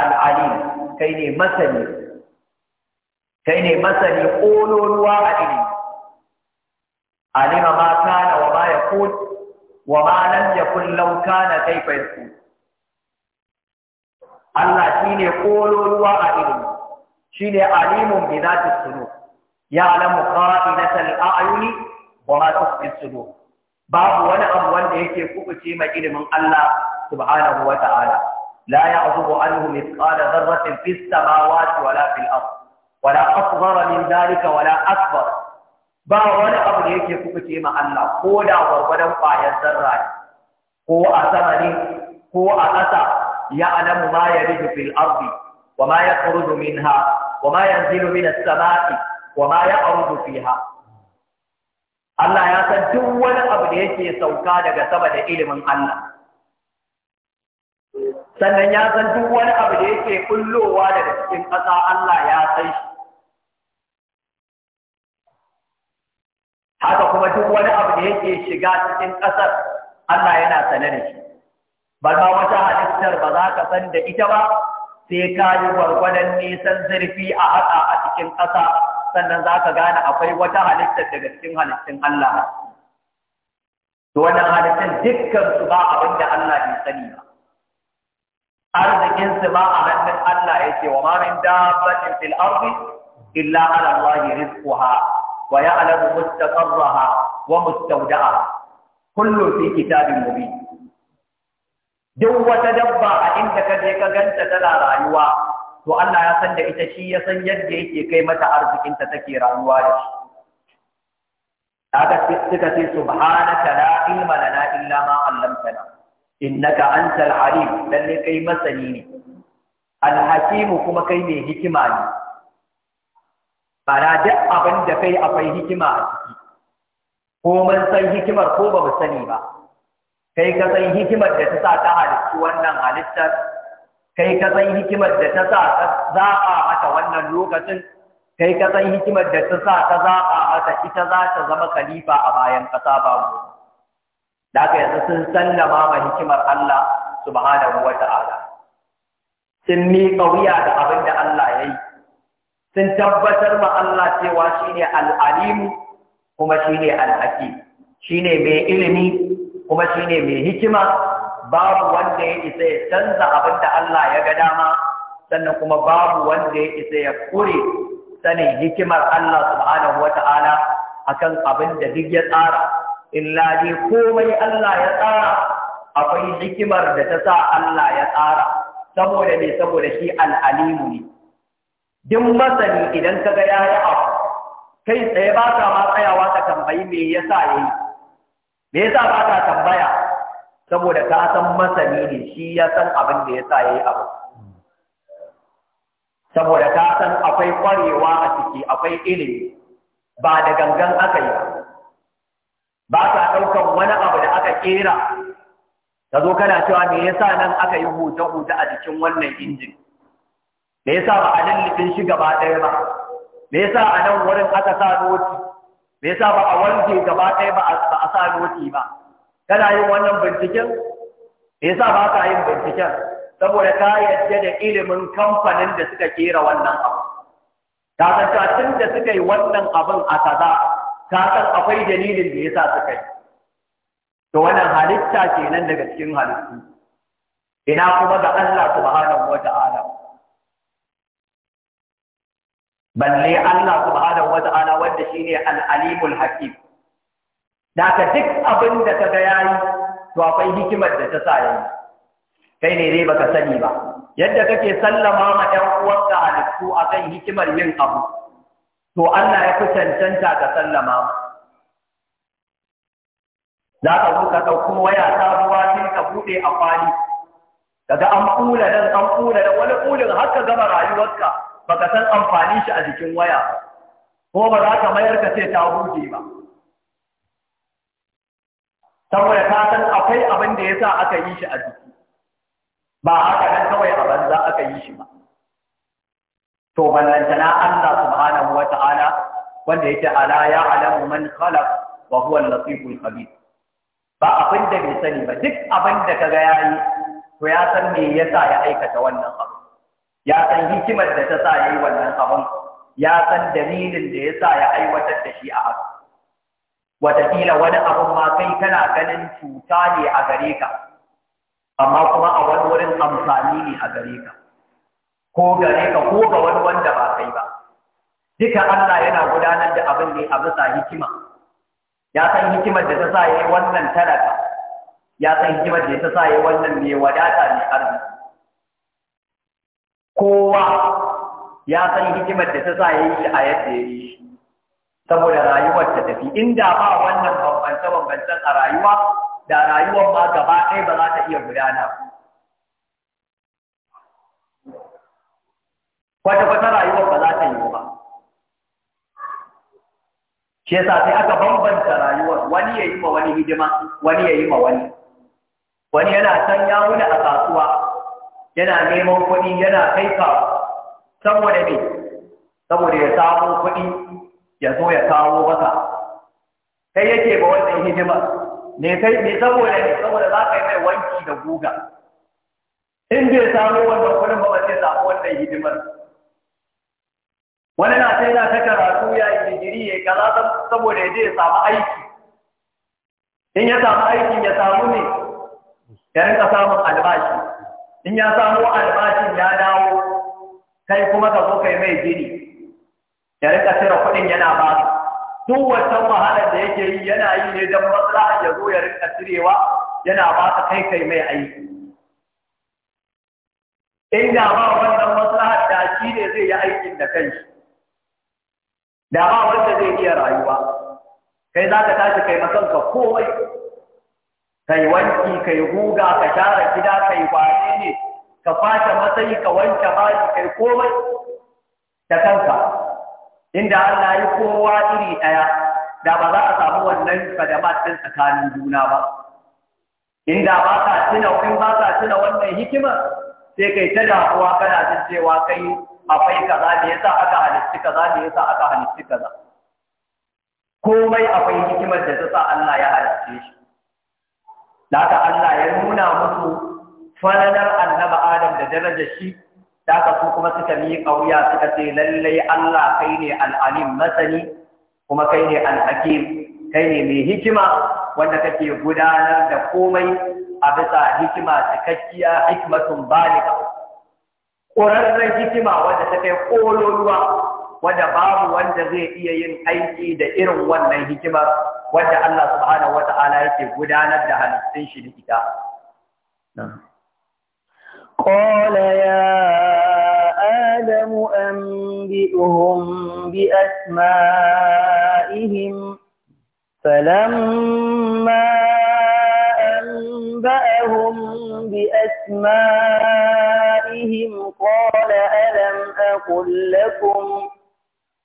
al'alim kai ne masani kai ne masani ƙololuwa a ilimi alima ma kana wa ma yakun wa ma lam yakun law kana Allah shi ne shine kololuwa a ilimi shine alimun bi zati na ya'lamu qa'inatal a'yuni wa ma su sudur babu wani abu wanda yake kubuce ma ilimin Allah subhanahu wa ta'ala la ya'zubu anhu mithqala dharratin fis samawati wala fil ard wala asghara min zalika wala akbar ba wani abu da yake kuka ce ma Allah ko da gwargwadon ƙwayar zarra ne ko a sama ne ko a ƙasa ya alamu ma ya rufe fil ardi wa ma ya kurudu minha wa ma yanzilu min as-samai wa ma ya arudu fiha Allah ya san duk wani abu da yake sauka daga sama da ilimin Allah sannan ya san duk wani abu da yake kullowa daga cikin ƙasa Allah ya san shi haka kuma duk wani abu da yake shiga cikin ƙasar Allah yana sane da shi ba ma wata halittar ba za ka san da ita ba sai ka yi gwargwadon nisan zurfi a haka a cikin ƙasa sannan za ka gane akwai wata halittar daga cikin halittun Allah to wannan halittar, dukkan su ba abin da Allah bai sani ba arzikin su ba a hannun Allah yake wa ma min dabbatin fil ardi illa ala Allah rizquha ويعلم مستقرها ومستودعها كل في كتاب مبين duk wata dabba a inda ka je ka ganta tana rayuwa to Allah ya san da ita shi ya san yadda yake kai mata arzikinta take rayuwa da shi haka suka ce subhanaka la ilma lana illa ma 'allamtana innaka antal alim lalle kai masani ne al hakim kuma kai mai hikima ne Bara duk abin da kai akwai hikima a ciki, ko mun san hikimar ko ba mu sani ba, kai ka san hikimar da ta sa ta halittu wannan halittar, kai ka san hikimar da ta sa ta zaɓa mata wannan lokacin, kai ka san hikimar da ta sa ta zaɓa mata ita za ta zama khalifa a bayan ƙasa ba mu. Da aka yanzu sun sallama ma hikimar Allah subhanahu wa ta'ala. Sun miƙa wuya da abin da Allah ya yi. sun tabbatar ma Allah cewa shi ne al'alimu kuma ne al Shi ne mai ilimi kuma shine mai hikima babu wanda ya isa ya canza abin da Allah ya ga dama sannan kuma babu wanda ya isa ya kure sanin hikimar Allah subhanahu wata'ala akan abin da duk ya tsara illa dai komai Allah ya tsara akwai hikimar da ta sa Allah ya tsara saboda ne saboda shi al'alimu ne duk masani idan ka ga yayi abu kai tsaye ba ka ma tsayawa ka tambayi me yasa yayi me yasa ba ka tambaya saboda ka san masani ne shi ya san abin da yasa yayi abu saboda ka san akwai kwarewa a ciki akwai ilimi ba da gangan aka yi ba ka ɗaukan wani abu da aka kera ka zo kana cewa me yasa nan aka yi huta-huta a jikin wannan injin me yasa ba a lallifin shi gaba ɗaya ba me yasa a nan wurin aka sa noti me yasa ba a wanke gaba ɗaya ba a sa noti ba kana yin wannan binciken me yasa ba ka yin binciken saboda ka yadda da ilimin kamfanin da suka kera wannan abu ka san cewa tun da suka yi wannan abin a kaza ka san akwai dalilin da yasa suka yi to wannan halitta kenan daga cikin halittu ina kuma ga Allah subhanahu wata'ala balle Allah subhanahu wata'ala wanda shine al-alimul hakim da ka duk abin da kaga yayi to akwai hikimar da ta sa yayi kai ne dai baka sani ba yadda kake sallama ma ɗan uwanka halittu akan hikimar yin abu to Allah ya fi cancanta ka sallama za ka zo ka ɗauko waya sabuwa sai ka buɗe a kwali kaga an kula nan an kula nan wani kulin har ka gama rayuwarka baka san amfanin shi a jikin waya ba ko ba za ka mayar ka ce ta huje ba saboda ka san akwai abin da yasa aka yi shi a jiki ba haka nan kawai a banza aka yi shi ba to ballantana Allah subhanahu wa ta'ala wanda yake ala ya alamu man khalaq wa huwa al-latiful khabir ba abin da bai sani ba duk abin da kaga yayi to ya san me yasa ya aikata wannan abu ya san hikimar da ta sa ya yi wannan abin ya san dalilin da ya sa ya aiwatar da shi a haka wataƙila wani abin ma kai kana ganin cuta ne a gare ka amma kuma a wani wurin amfani ne a gare ka ko gare ka ko ga wani wanda ba kai ba duka Allah yana gudanar da abin ne a bisa hikima ya san hikimar da ta sa ya yi wannan talaka ya san hikimar da ta sa ya yi wannan mai wadata mai arziki kowa ya san hikimar da ta sa ya yi shi a yadda ya yi shi saboda rayuwar ta tafi inda ba wannan bambance-bambancen a rayuwa da rayuwar ma gaba ɗaya ba za ta iya gudana kwata-kwata rayuwar ba za ta yi ba shi yasa sai aka bambanta rayuwar wani ya yi ma wani hidima wani ya yi ma wani wani yana can ya wuni a kasuwa yana neman kuɗi yana kai ka saboda me saboda ya samu kuɗi ya zo ya kawo masa kai yake ba wannan hidima ne kai ne saboda ne saboda za ka yi mai wanki da guga in bai samu wannan kuɗin ba ba zai samu wannan hidimar wani na sai na ta karatu ya yi digiri ya kaza saboda ya je ya samu aiki in ya samu aikin ya samu ne ya rinka samun albashi in ya samo albashin ya dawo kai kuma ka zo kai mai gini ya rika cire kuɗin yana ba su. duk wancan wahalar da yake yi yana yi ne don matsala ya zo ya rika cirewa yana ba su kai kai mai aiki in da ba wannan matsala da shi ne zai yi aikin da kanshi da ba wanda zai iya rayuwa kai za ka tashi kai masanka kowai? kai wanki kai guga ka share gida kai wane ne ka fata matsayi ka wanke shi kai komai da kanka inda Allah ya kowa iri daya da ba za a samu wannan fadama din tsakanin juna ba inda ba ka tuna kun ba ka tuna wannan hikima sai kai ta damuwa kana jin cewa kai akwai kaza me yasa aka halitta kaza me yasa aka halitta kaza
komai akwai hikimar da
ta sa Allah ya halitta shi da aka Allah ya nuna musu falalar annaba Adam da darajar shi da aka su kuma suka yi kauya suka ce lallai Allah kai ne al'alim masani kuma kai ne al'akim kai ne mai hikima wanda kake gudanar da komai a bisa hikima cikakkiya hikmatun balika ƙwararren hikima wanda ta kai ƙololuwa wanda babu wanda zai iya yin aiki da irin wannan hikimar wanda Allah subhanahu wata'ala yake gudanar da halittun shi da ita
قال يا آدم أنبئهم بأسمائهم فلما أنبأهم بأسمائهم قال ألم أقل لكم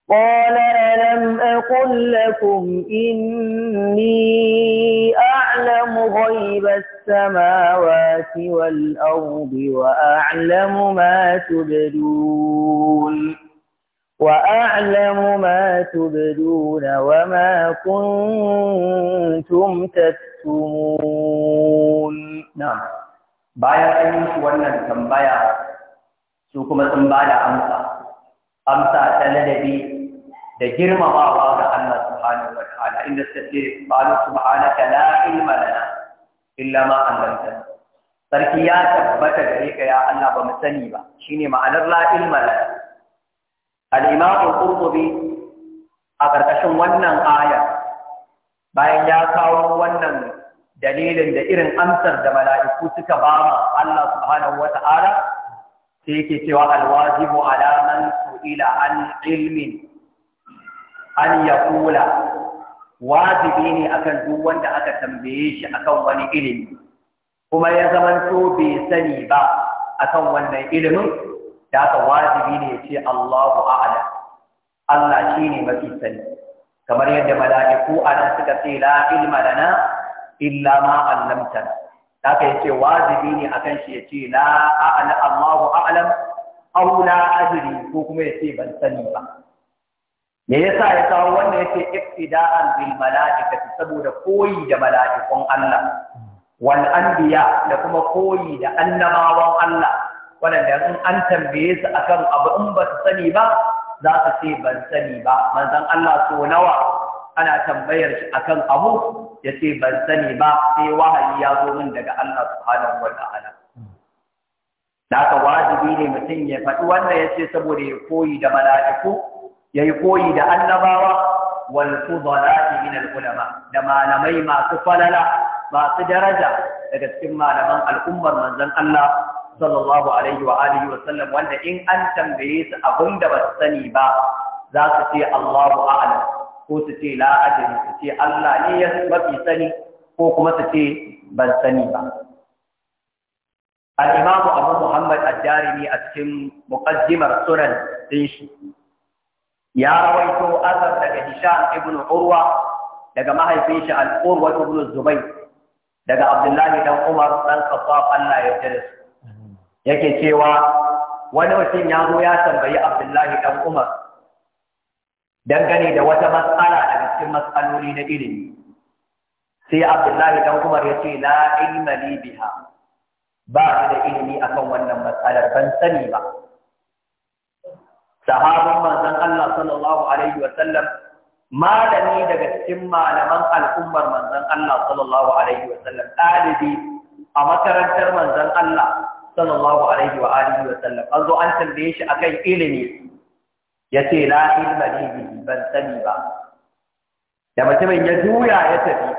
قال ألم أقل لكم إني أعلم غيب السماوات والأرض وأعلم ما تبدون وأعلم ما تبدون وما كنتم تكتمون نعم بايا an yi wannan tambaya
su kuma sun amsa ta ladabi da girmamawa ga Allah subhanahu wa ta'ala inda tafsir qalu subhanaka la ilma lana illa ma 'allamtana sarki ya tabbata gare ka ya Allah ba mu sani ba shine ma'anar la ilma lana al-imam al-qurtubi a karkashin wannan aya bayan ya kawo wannan dalilin da irin amsar da mala'iku suka ba ma Allah subhanahu wa ta'ala sai yake cewa alwajibu ala man su'ila an ilmin an ya kula wajibi ne akan duk wanda aka tambaye shi akan wani ilimi kuma ya zamanto bai sani ba akan wannan ilimin da aka wajibi ne ya ce Allahu a'lam Allah shine mafi sani kamar yadda mala'iku ana suka ce la ilma lana illa ma 'allamtana haka yace wajibi ne akan shi yace la a'lam Allahu a'lam aula ajri ko kuma ya ce ban sani ba me yasa ya kawo wannan yake iftida'an bil mala'ikati saboda koyi da mala'ikun Allah wal anbiya da kuma koyi da annabawan Allah wannan da in an tambaye su akan abu in ba su sani ba za su ce ban sani ba manzon Allah so nawa ana tambayar shi akan abu ya ce ban sani ba sai wahayi ya zo min daga Allah subhanahu wa ta'ala da wajibi ne mutum ya faɗi wannan ya ce saboda ya koyi da mala'iku ya yi koyi da annabawa wal fudala min al ulama da malamai masu falala masu daraja daga cikin malaman al'ummar manzon Allah sallallahu alaihi wa alihi wa sallam wanda in an tambaye su abin da ba su sani ba za su ce Allahu a'lam ko su ce la su ce Allah ne ya mafi sani ko kuma su ce ban sani ba الإمام أبو محمد الدارمي أتكم مقدمة سنن ديشي يا رويت أثر لك هشام ابن عروة لك ما هي فيش القروة ابن الزبير لك عبد الله بن عمر بن الخطاب ألا يجلس yake cewa wani mutum ya zo ya tambayi Abdullahi dan Umar dangane da wata matsala daga cikin matsaloli na ilimi sai Abdullahi dan Umar ya ce la ilma li biha ba su da ilimi a kan wannan matsalar ban sani ba sahabin manzon Allah sallallahu alaihi wa malami daga cikin malaman al'ummar manzon Allah sallallahu alaihi wa ɗalibi a makarantar manzon Allah sallallahu alaihi wa alihi wa an zo an tambaye shi a kan ilimi Ya ce la ilma li bihi ban sani ba da mutumin ya juya ya tafi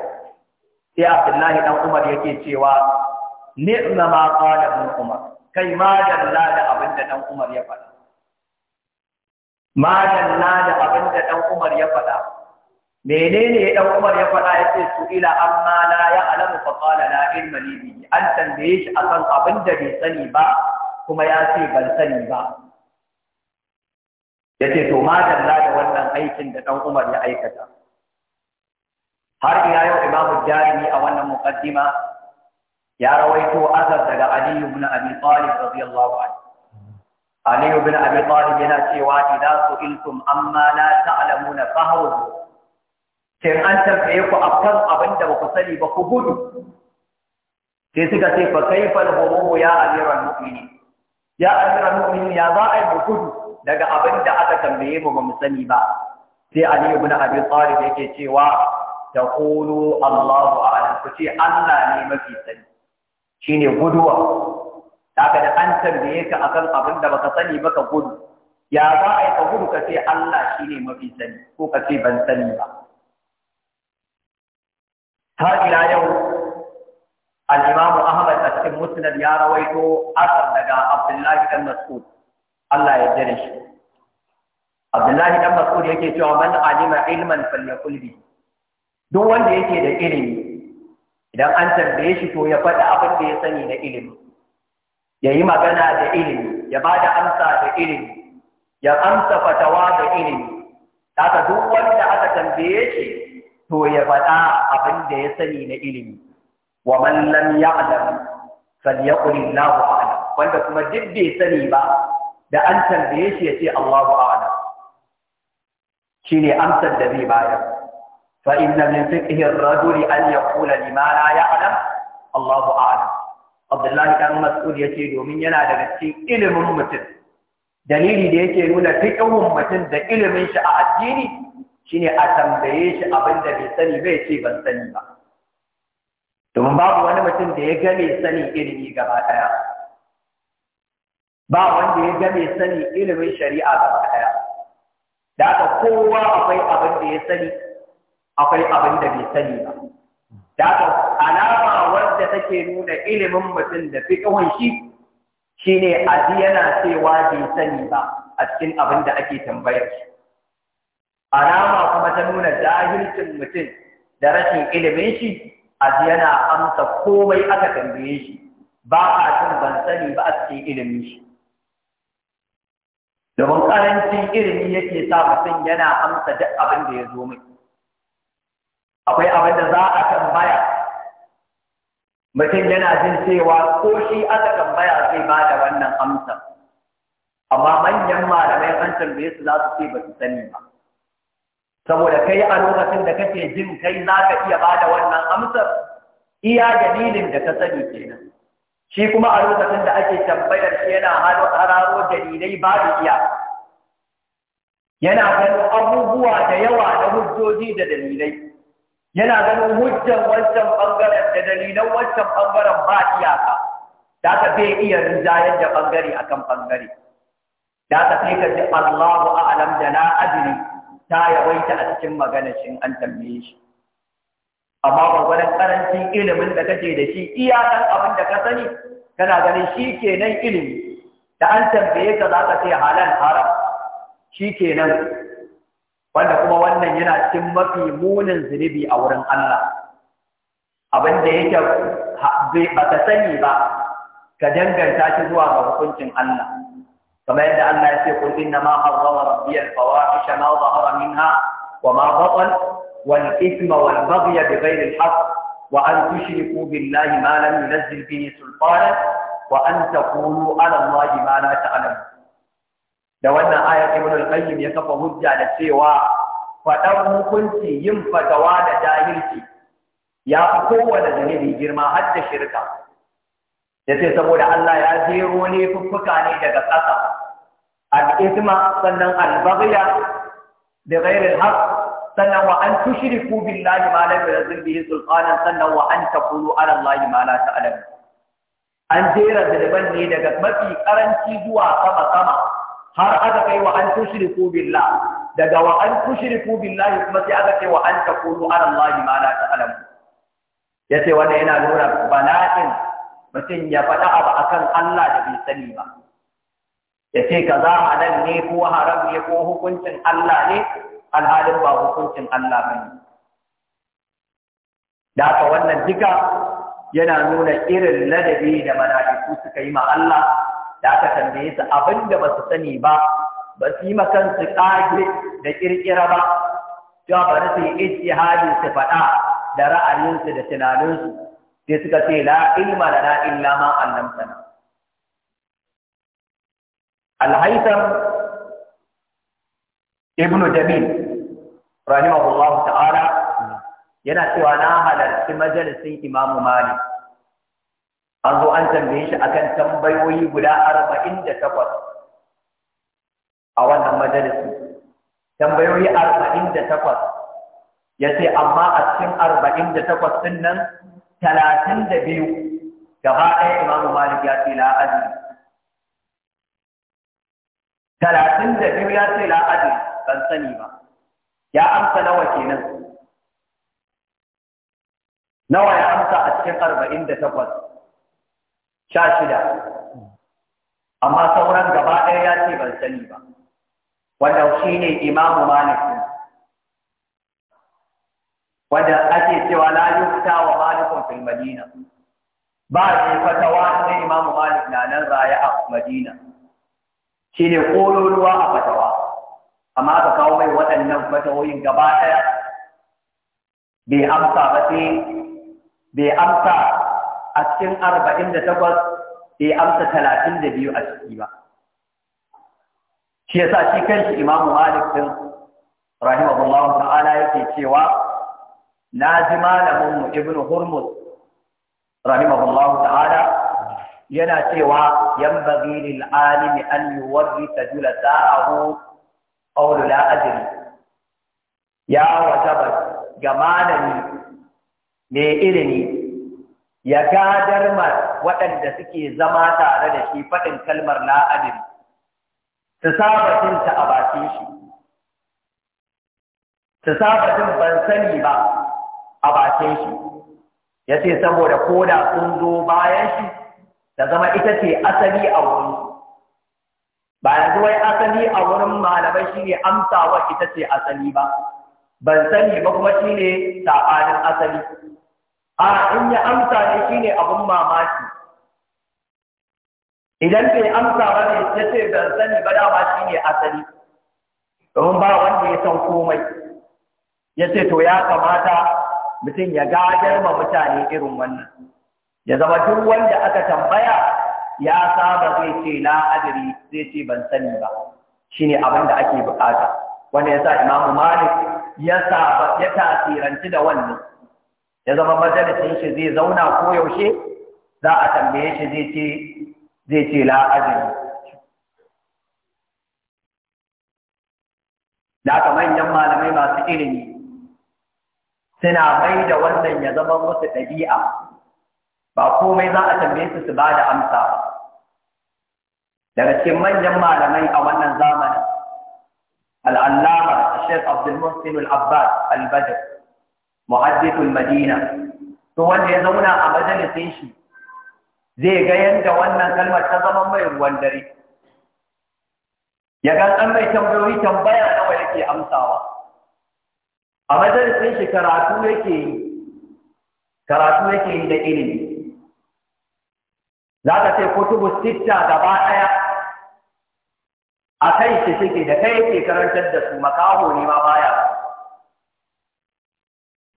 sai Abdullahi ɗan Umar yake cewa ni'ma ma qala ibn umar kai ma dalla da abin da dan umar ya faɗa ma dalla da abin da dan umar ya faɗa menene dan umar ya faɗa yace su ila amma la alamu fa qala la ilma li bi an tambaye shi akan abin da bai sani ba kuma ya ce ban sani ba yace to ma dalla da wannan aikin da dan umar ya aikata har ila yau imamu jarimi a wannan muqaddima ya rawaito azar daga Ali ibn Abi Talib radiyallahu anhu
Ali ibn Abi Talib yana cewa
idan su'iltum amma la ta'lamuna fahawzu sai an tambaye ku akan abin da baku sani ba ku gudu sai suka ce fa kaifa al-hurumu ya amiral mu'minin ya amiral mu'minin ya za a yi gudu daga abin da aka tambaye mu ba mu sani ba sai Ali ibn Abi Talib yake cewa taqulu Allahu a'lam ku ce Allah ne mafi sani Shi ne guduwa ka da an tambaye ka akan abin da baka sani baka gudu ya za a yi ka gudu ka ce Allah shi ne mafi sani ko ka ce ban sani ba Ta ila yau al-Imam Ahmad a cikin Musnad ya rawaito asar daga Abdullahi dan Mas'ud Allah ya jere shi Abdullahi dan Mas'ud yake cewa man alima ilman falyakul bi duk wanda yake da ilimi idan an tambaye shi to ya faɗi abin da ya sani na ilimi ya yi magana da ilimi ya ba da amsa da ilimi ya amsa fatawa da ilimi haka duk wanda aka tambaye shi to ya faɗa abin da ya sani na ilimi wa man lam ya'lam falyaqul Allahu a'lam wanda kuma duk bai sani ba da an tambaye shi ya ce Allahu a'lam shine amsar da zai bayar فإن من فقه الرجل أن يقول لما لا يعلم الله أعلم عبد الله كان مسؤول يتي دومين ينا دا نسي علم متن دليل دي يتي نونا فقه متن دا علم شاء الديني شيني أتنبيش أبن دا بسني بيشي بسني ما ثم باب وانا متن دي يجمي سني علمي كما تيا باب وانا دي يجمي سني علم شريعة كما تيا لا تقوى أبن دي يسني akwai abin da bai sani ba daga alama wanda take nuna ilimin mutum da ƙawon shi shine aji yana cewa bai sani ba a cikin abin da ake tambayar shi
alama kuma
ta nuna jahilcin mutum da rashin ilimin shi aji yana amsa komai aka tambaye shi ba a cin ban sani ba a cikin ilimin shi domin ƙarancin ilimi yake sa mutum yana amsa duk abin da ya zo mai akwai abin da za a tambaya mutum yana jin cewa ko shi aka tambaya zai ba da wannan amsa
amma manyan malamai an
tambaye su za su ce ba su sani ba saboda kai a lokacin da kake jin kai za ka iya ba da wannan amsar iya dalilin da ka sani kenan shi kuma a lokacin da ake tambayar shi yana hararo dalilai babu iya yana ganin abubuwa da yawa da hujjoji da dalilai yana ganin hujjan wancan bangaren da dalilan wancan bangaren ba iyaka da ka bai iya rinjayar da bangare akan bangare da ka sai ka ji Allahu a'lam da na adri ta yawaita a cikin maganar shin an tambaye shi amma gwagwaran karancin ilimin da kake da shi iyakan abin da ka sani kana ganin shi kenan ilimi da an tambaye ka za ka ce halal haram shi kenan wanda kuma wannan yana cikin mafi munin zunubi a wurin Allah abin da yake ba ka sani ba ka danganta shi zuwa ga hukuncin Allah kamar yadda Allah ya ce kun inna ma harrama rabbiyal fawahisha ma zahara minha wa ma batan wal ithma wal baghya bighayri al haqq wa an tushriku billahi ma lam yunzil bihi sultana wa an taqulu ala allahi ma la ta'lamun da wannan ayar ibn al-qayyim ya kafa hujja da cewa faɗan hukunci yin fatawa da jahilci ya fi kowane zunubi girma har da shirka ya ce saboda Allah ya jero ne fuffuka ne daga ƙasa al-isma sannan al-baghya bi ghairi al-haq sannan wa an tushriku billahi ma lam yunzil bihi sannan wa an taqulu ala Allah ma la
an jera zunuban ne
daga mafi karanci zuwa sama sama wa tushriku billah daga wa an tushriku billah kuma sai aka ce wa an taqulu ala allahi ma la ta'lamu yace wanda yana nuna bala'in mutum ya faɗa abu akan Allah da bai sani ba ya ce kaza nan ne ko haram ne ko hukuncin Allah ne alhalin ba hukuncin Allah ne. da haka wannan duka yana nuna irin ladabi da mala'iku suka yi ma Allah da aka tambaye su abin da ba su sani ba ba su yi makansu ƙage da ƙirƙira ba cewa bari su yi ijtihadin su faɗa da ra'ayinsu da tunaninsu sai suka ce la ilma lana illa ma allamtana alhaitam ibnu jamil rahimahullah ta'ala
yana cewa na halarci
majalisin imamu malik an zo an tambaye shi akan tambayoyi guda arba'in da takwas a wannan majalisi tambayoyi arba'in da takwas ya ce amma a cikin arba'in da takwas ɗin nan talatin da biyu gaba ɗaya imamu malik ya ce la'adi. talatin da biyu ya ce la'adi, ban sani ba ya amsa nawa kenan nawa ya amsa a cikin arba'in da takwas sha shida amma sauran gaba ɗaya ya ce ban sani ba wanda shi ne imamu Malik? wanda ake cewa la yufta wa malikun fil madina ba ne fatawa na imamu malik na nan raya a madina shi ne kololuwa a fatawa amma ka kawo mai waɗannan fatawoyin gaba ɗaya bai amsa ba bai amsa a cikin arba'in da takwas bai amsa talatin da biyu a ciki ba shi yasa shi kanshi Imam Malik din rahimahullahu ta'ala yake cewa na ji malamin mu Ibn Hurmuz rahimahullahu ta'ala yana cewa yanbaghi lil alimi an yuwarrisa julasa'ahu qawlu la adri ya wajaba ga malami mai ilimi ya gadar ma waɗanda suke zama tare da shi faɗin kalmar la'adin ta saba a bakin shi ta jin ban sani ba a bakin shi ya ce saboda koda sun zo bayan shi ta zama ita ce asali a wurin ba yanzu wai asali a wurin malamai shine amsawa ita ce asali ba ban sani ba kuma shine sabanin asali a in ya amsa ne shine abun mamaki idan bai amsa ba ne ta ce ban sani ba dama shi ne asali domin ba wanda ya san komai
ya ce to ya kamata
mutum ya gajar ma mutane irin wannan ya zama duk wanda aka tambaya ya saba zai ce na zai ce ban sani ba shine abin da ake bukata wanda yasa imamu Malik ya saba ya tasiranci da wannan ya zama majalisin shi zai zauna koyaushe za a tambaye shi zai ce zai ce la azumi da aka manyan malamai masu ilimi suna mai da wannan ya zama wasu ɗabi'a ba komai za a tambaye su su ba da amsa daga cikin manyan malamai a wannan zamanin al'allama Sheikh Abdul Muhsin al-Abbas al Madina to wanda ya zauna a majalisin shi zai ga yadda wannan kalmar ta zama mai ruwan dare ya gan an mai tambayoyi tambaya nawa yake amsawa a madarasin shi karatu yake yi karatu yake yi da ilimi za ka ce kutubu sitta gaba ɗaya a kai shi suke da kai yake karantar da su makaho ne ma baya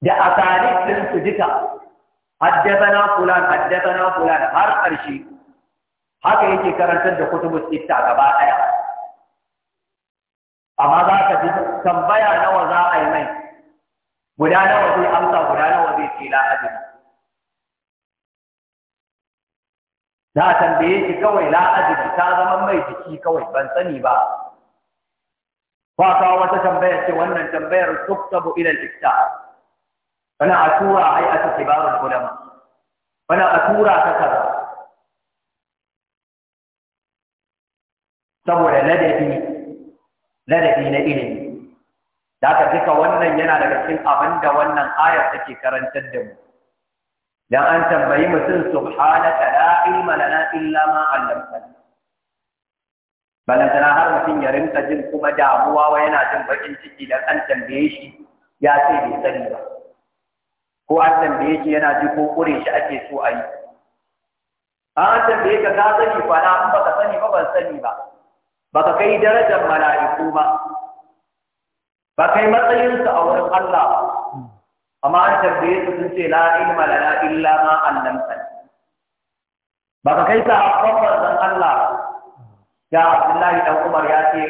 da a asalin su duka haddathana fulan haddathana fulan har ƙarshe haka yake karantar da kutubus sitta gaba ɗaya amma za ka ji tambaya nawa za a yi mai guda nawa zai amsa guda nawa zai ce la'adari za a tambaye shi kawai la'adari ta zama mai jiki kawai ban sani ba ba ka wata tambayar ce wannan tambayar tuktabu ilal iftar kana a tura a aka kibarun ulama kana a tura ta kaza saboda ladabi ladabi na ilimi da aka duka wannan yana daga cikin abin da wannan ayar take karantar da mu dan an tambayi mutum subhanaka la ilma lana illa ma 'allamtana balantana har mutum ya rinka jin kuma damuwa wa yana jin bakin ciki dan an tambaye shi ya ce bai sani ba ko an tambaye shi yana ji ko kure shi ake so a yi an tambaye ka ka sani kwana an baka sani ba ban sani ba baka kai darajar mala'iku ba ba kai matsayinsu a wurin Allah ba amma an tambaye su sun ce la ilma lana illa ma allamtana baka kai sahabban manzon Allah ya Abdullahi dan Umar ya ce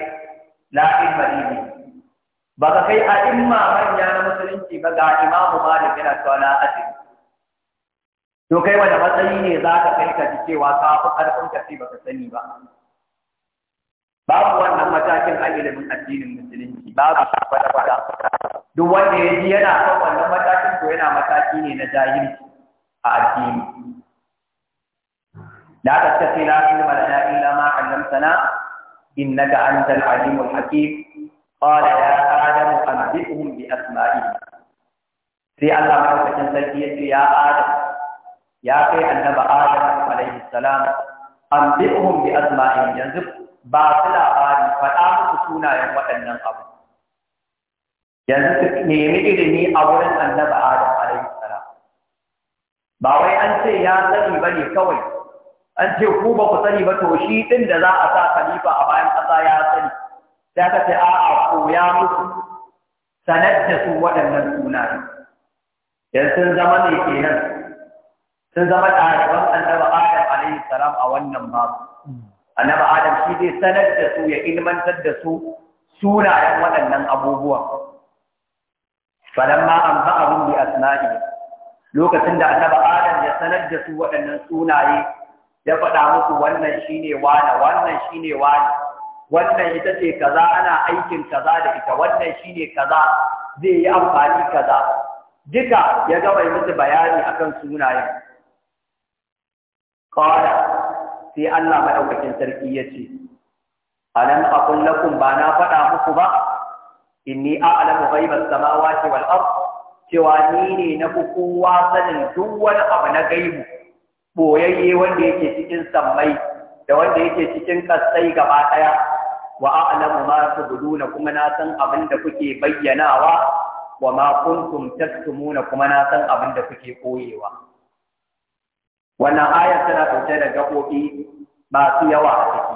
la ilma li ba ka kai a imma manya na musulunci ba ga imamu malik yana cewa na ajin to kai wani matsayi ne za ka kai ka ji cewa ka fi karfin ka ba ka sani ba babu wannan matakin a ilimin addinin musulunci babu kwata-kwata duk wanda ya ji yana kan wannan matakin to yana mataki ne na jahilci a addini la tattafi la ilma lana illa ma 'allamtana innaka antal alimul hakim قال يا آدم أنبئهم بأسمائهم sai Allah madaukakin sarki ya ce ya Adam ya kai annaba Adam alaihi salam anbi'uhum bi asma'ihim yanzu ba su labari faɗa musu sunayen waɗannan abu
yanzu su nemi ilimi a wurin
annaba Adam alaihi salam ba wai an ce ya sani ba ne kawai an ce ku ba ku sani ba to shi ɗin da za a sa khalifa a bayan ƙasa ya sani da ka ce a'a koya musu sanar da su waɗannan sunaye dan sun zama ne kenan sun zama ɗaliban annabi Adam alaihi salam a wannan babu annabi Adam shi zai sanar da su ya ilmantar da su sunayen waɗannan abubuwa falamma an ba'ahum bi asma'i lokacin da annabi Adam ya sanar da su waɗannan sunaye ya faɗa musu wannan shine wani wannan shine wani wannan ita ce kaza ana aikin kaza da ita wannan shine kaza zai yi amfani kaza duka ya gaba musu bayani akan sunayen qala sai Allah madaukakin sarki yace alam aqul lakum ba na faɗa muku ba inni a'lamu ghaibas samawati wal ard cewa ni ne na fi kowa sanin duk wani abu na gaibu boyayye wanda yake cikin sammai da wanda yake cikin kasai gaba ɗaya wa a'lamu ma tubduna kuma na san abin da kuke bayyanawa wa ma kuntum taktumuna kuma na san abin da kuke koyewa wannan aya tana ɗauke da gabobi masu yawa a ciki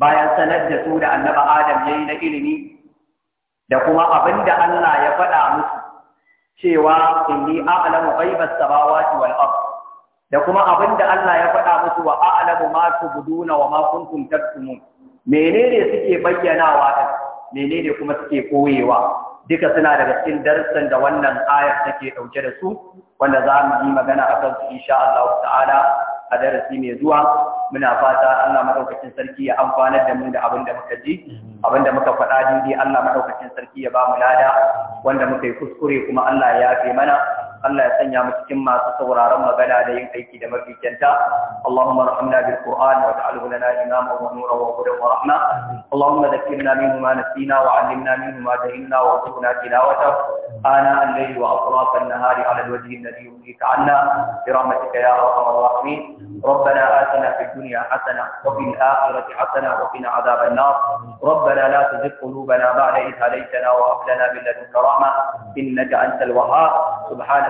bayan sanar da su da annabi Adam yi na ilimi da kuma abin da Allah ya faɗa musu cewa inni a'lamu ghaibas samawati wal ard da kuma abin da Allah ya faɗa musu wa a'lamu ma tubduna wa ma kuntum taktumun menene suke bayyanawa da menene kuma suke koyewa duka suna daga cikin darussan da wannan ayar take dauke da su wanda za mu yi magana akan su insha Allah ta'ala a darasi mai zuwa muna fata Allah madaukakin sarki ya amfana da mu da abin da muka ji abin da muka faɗa daidai Allah madaukakin sarki ya ba mu lada wanda muka yi kuskure kuma Allah ya yafe mana Allah ya sanya mu cikin masu sauraron magana da yin aiki da mafi kyanta Allahumma rahamna bil Qur'an wa ja'alhu lana imama wa nura wa hudan wa rahma Allahumma dhakkirna minhu ma nasina wa 'allimna minhu ma jahilna wa arzuqna tilawatahu ana al-layli wa atraf an-nahari 'ala al-wajhi alladhi yurdika 'anna bi rahmatika ya arhamar rahimin ربنا آتنا في الدنيا حسنة وفي الآخرة حسنة وقنا عذاب النار ربنا لا تزغ قلوبنا بعد إذ هديتنا وهب لنا من لدنك رحمة إنك أنت الوهاب سبحانك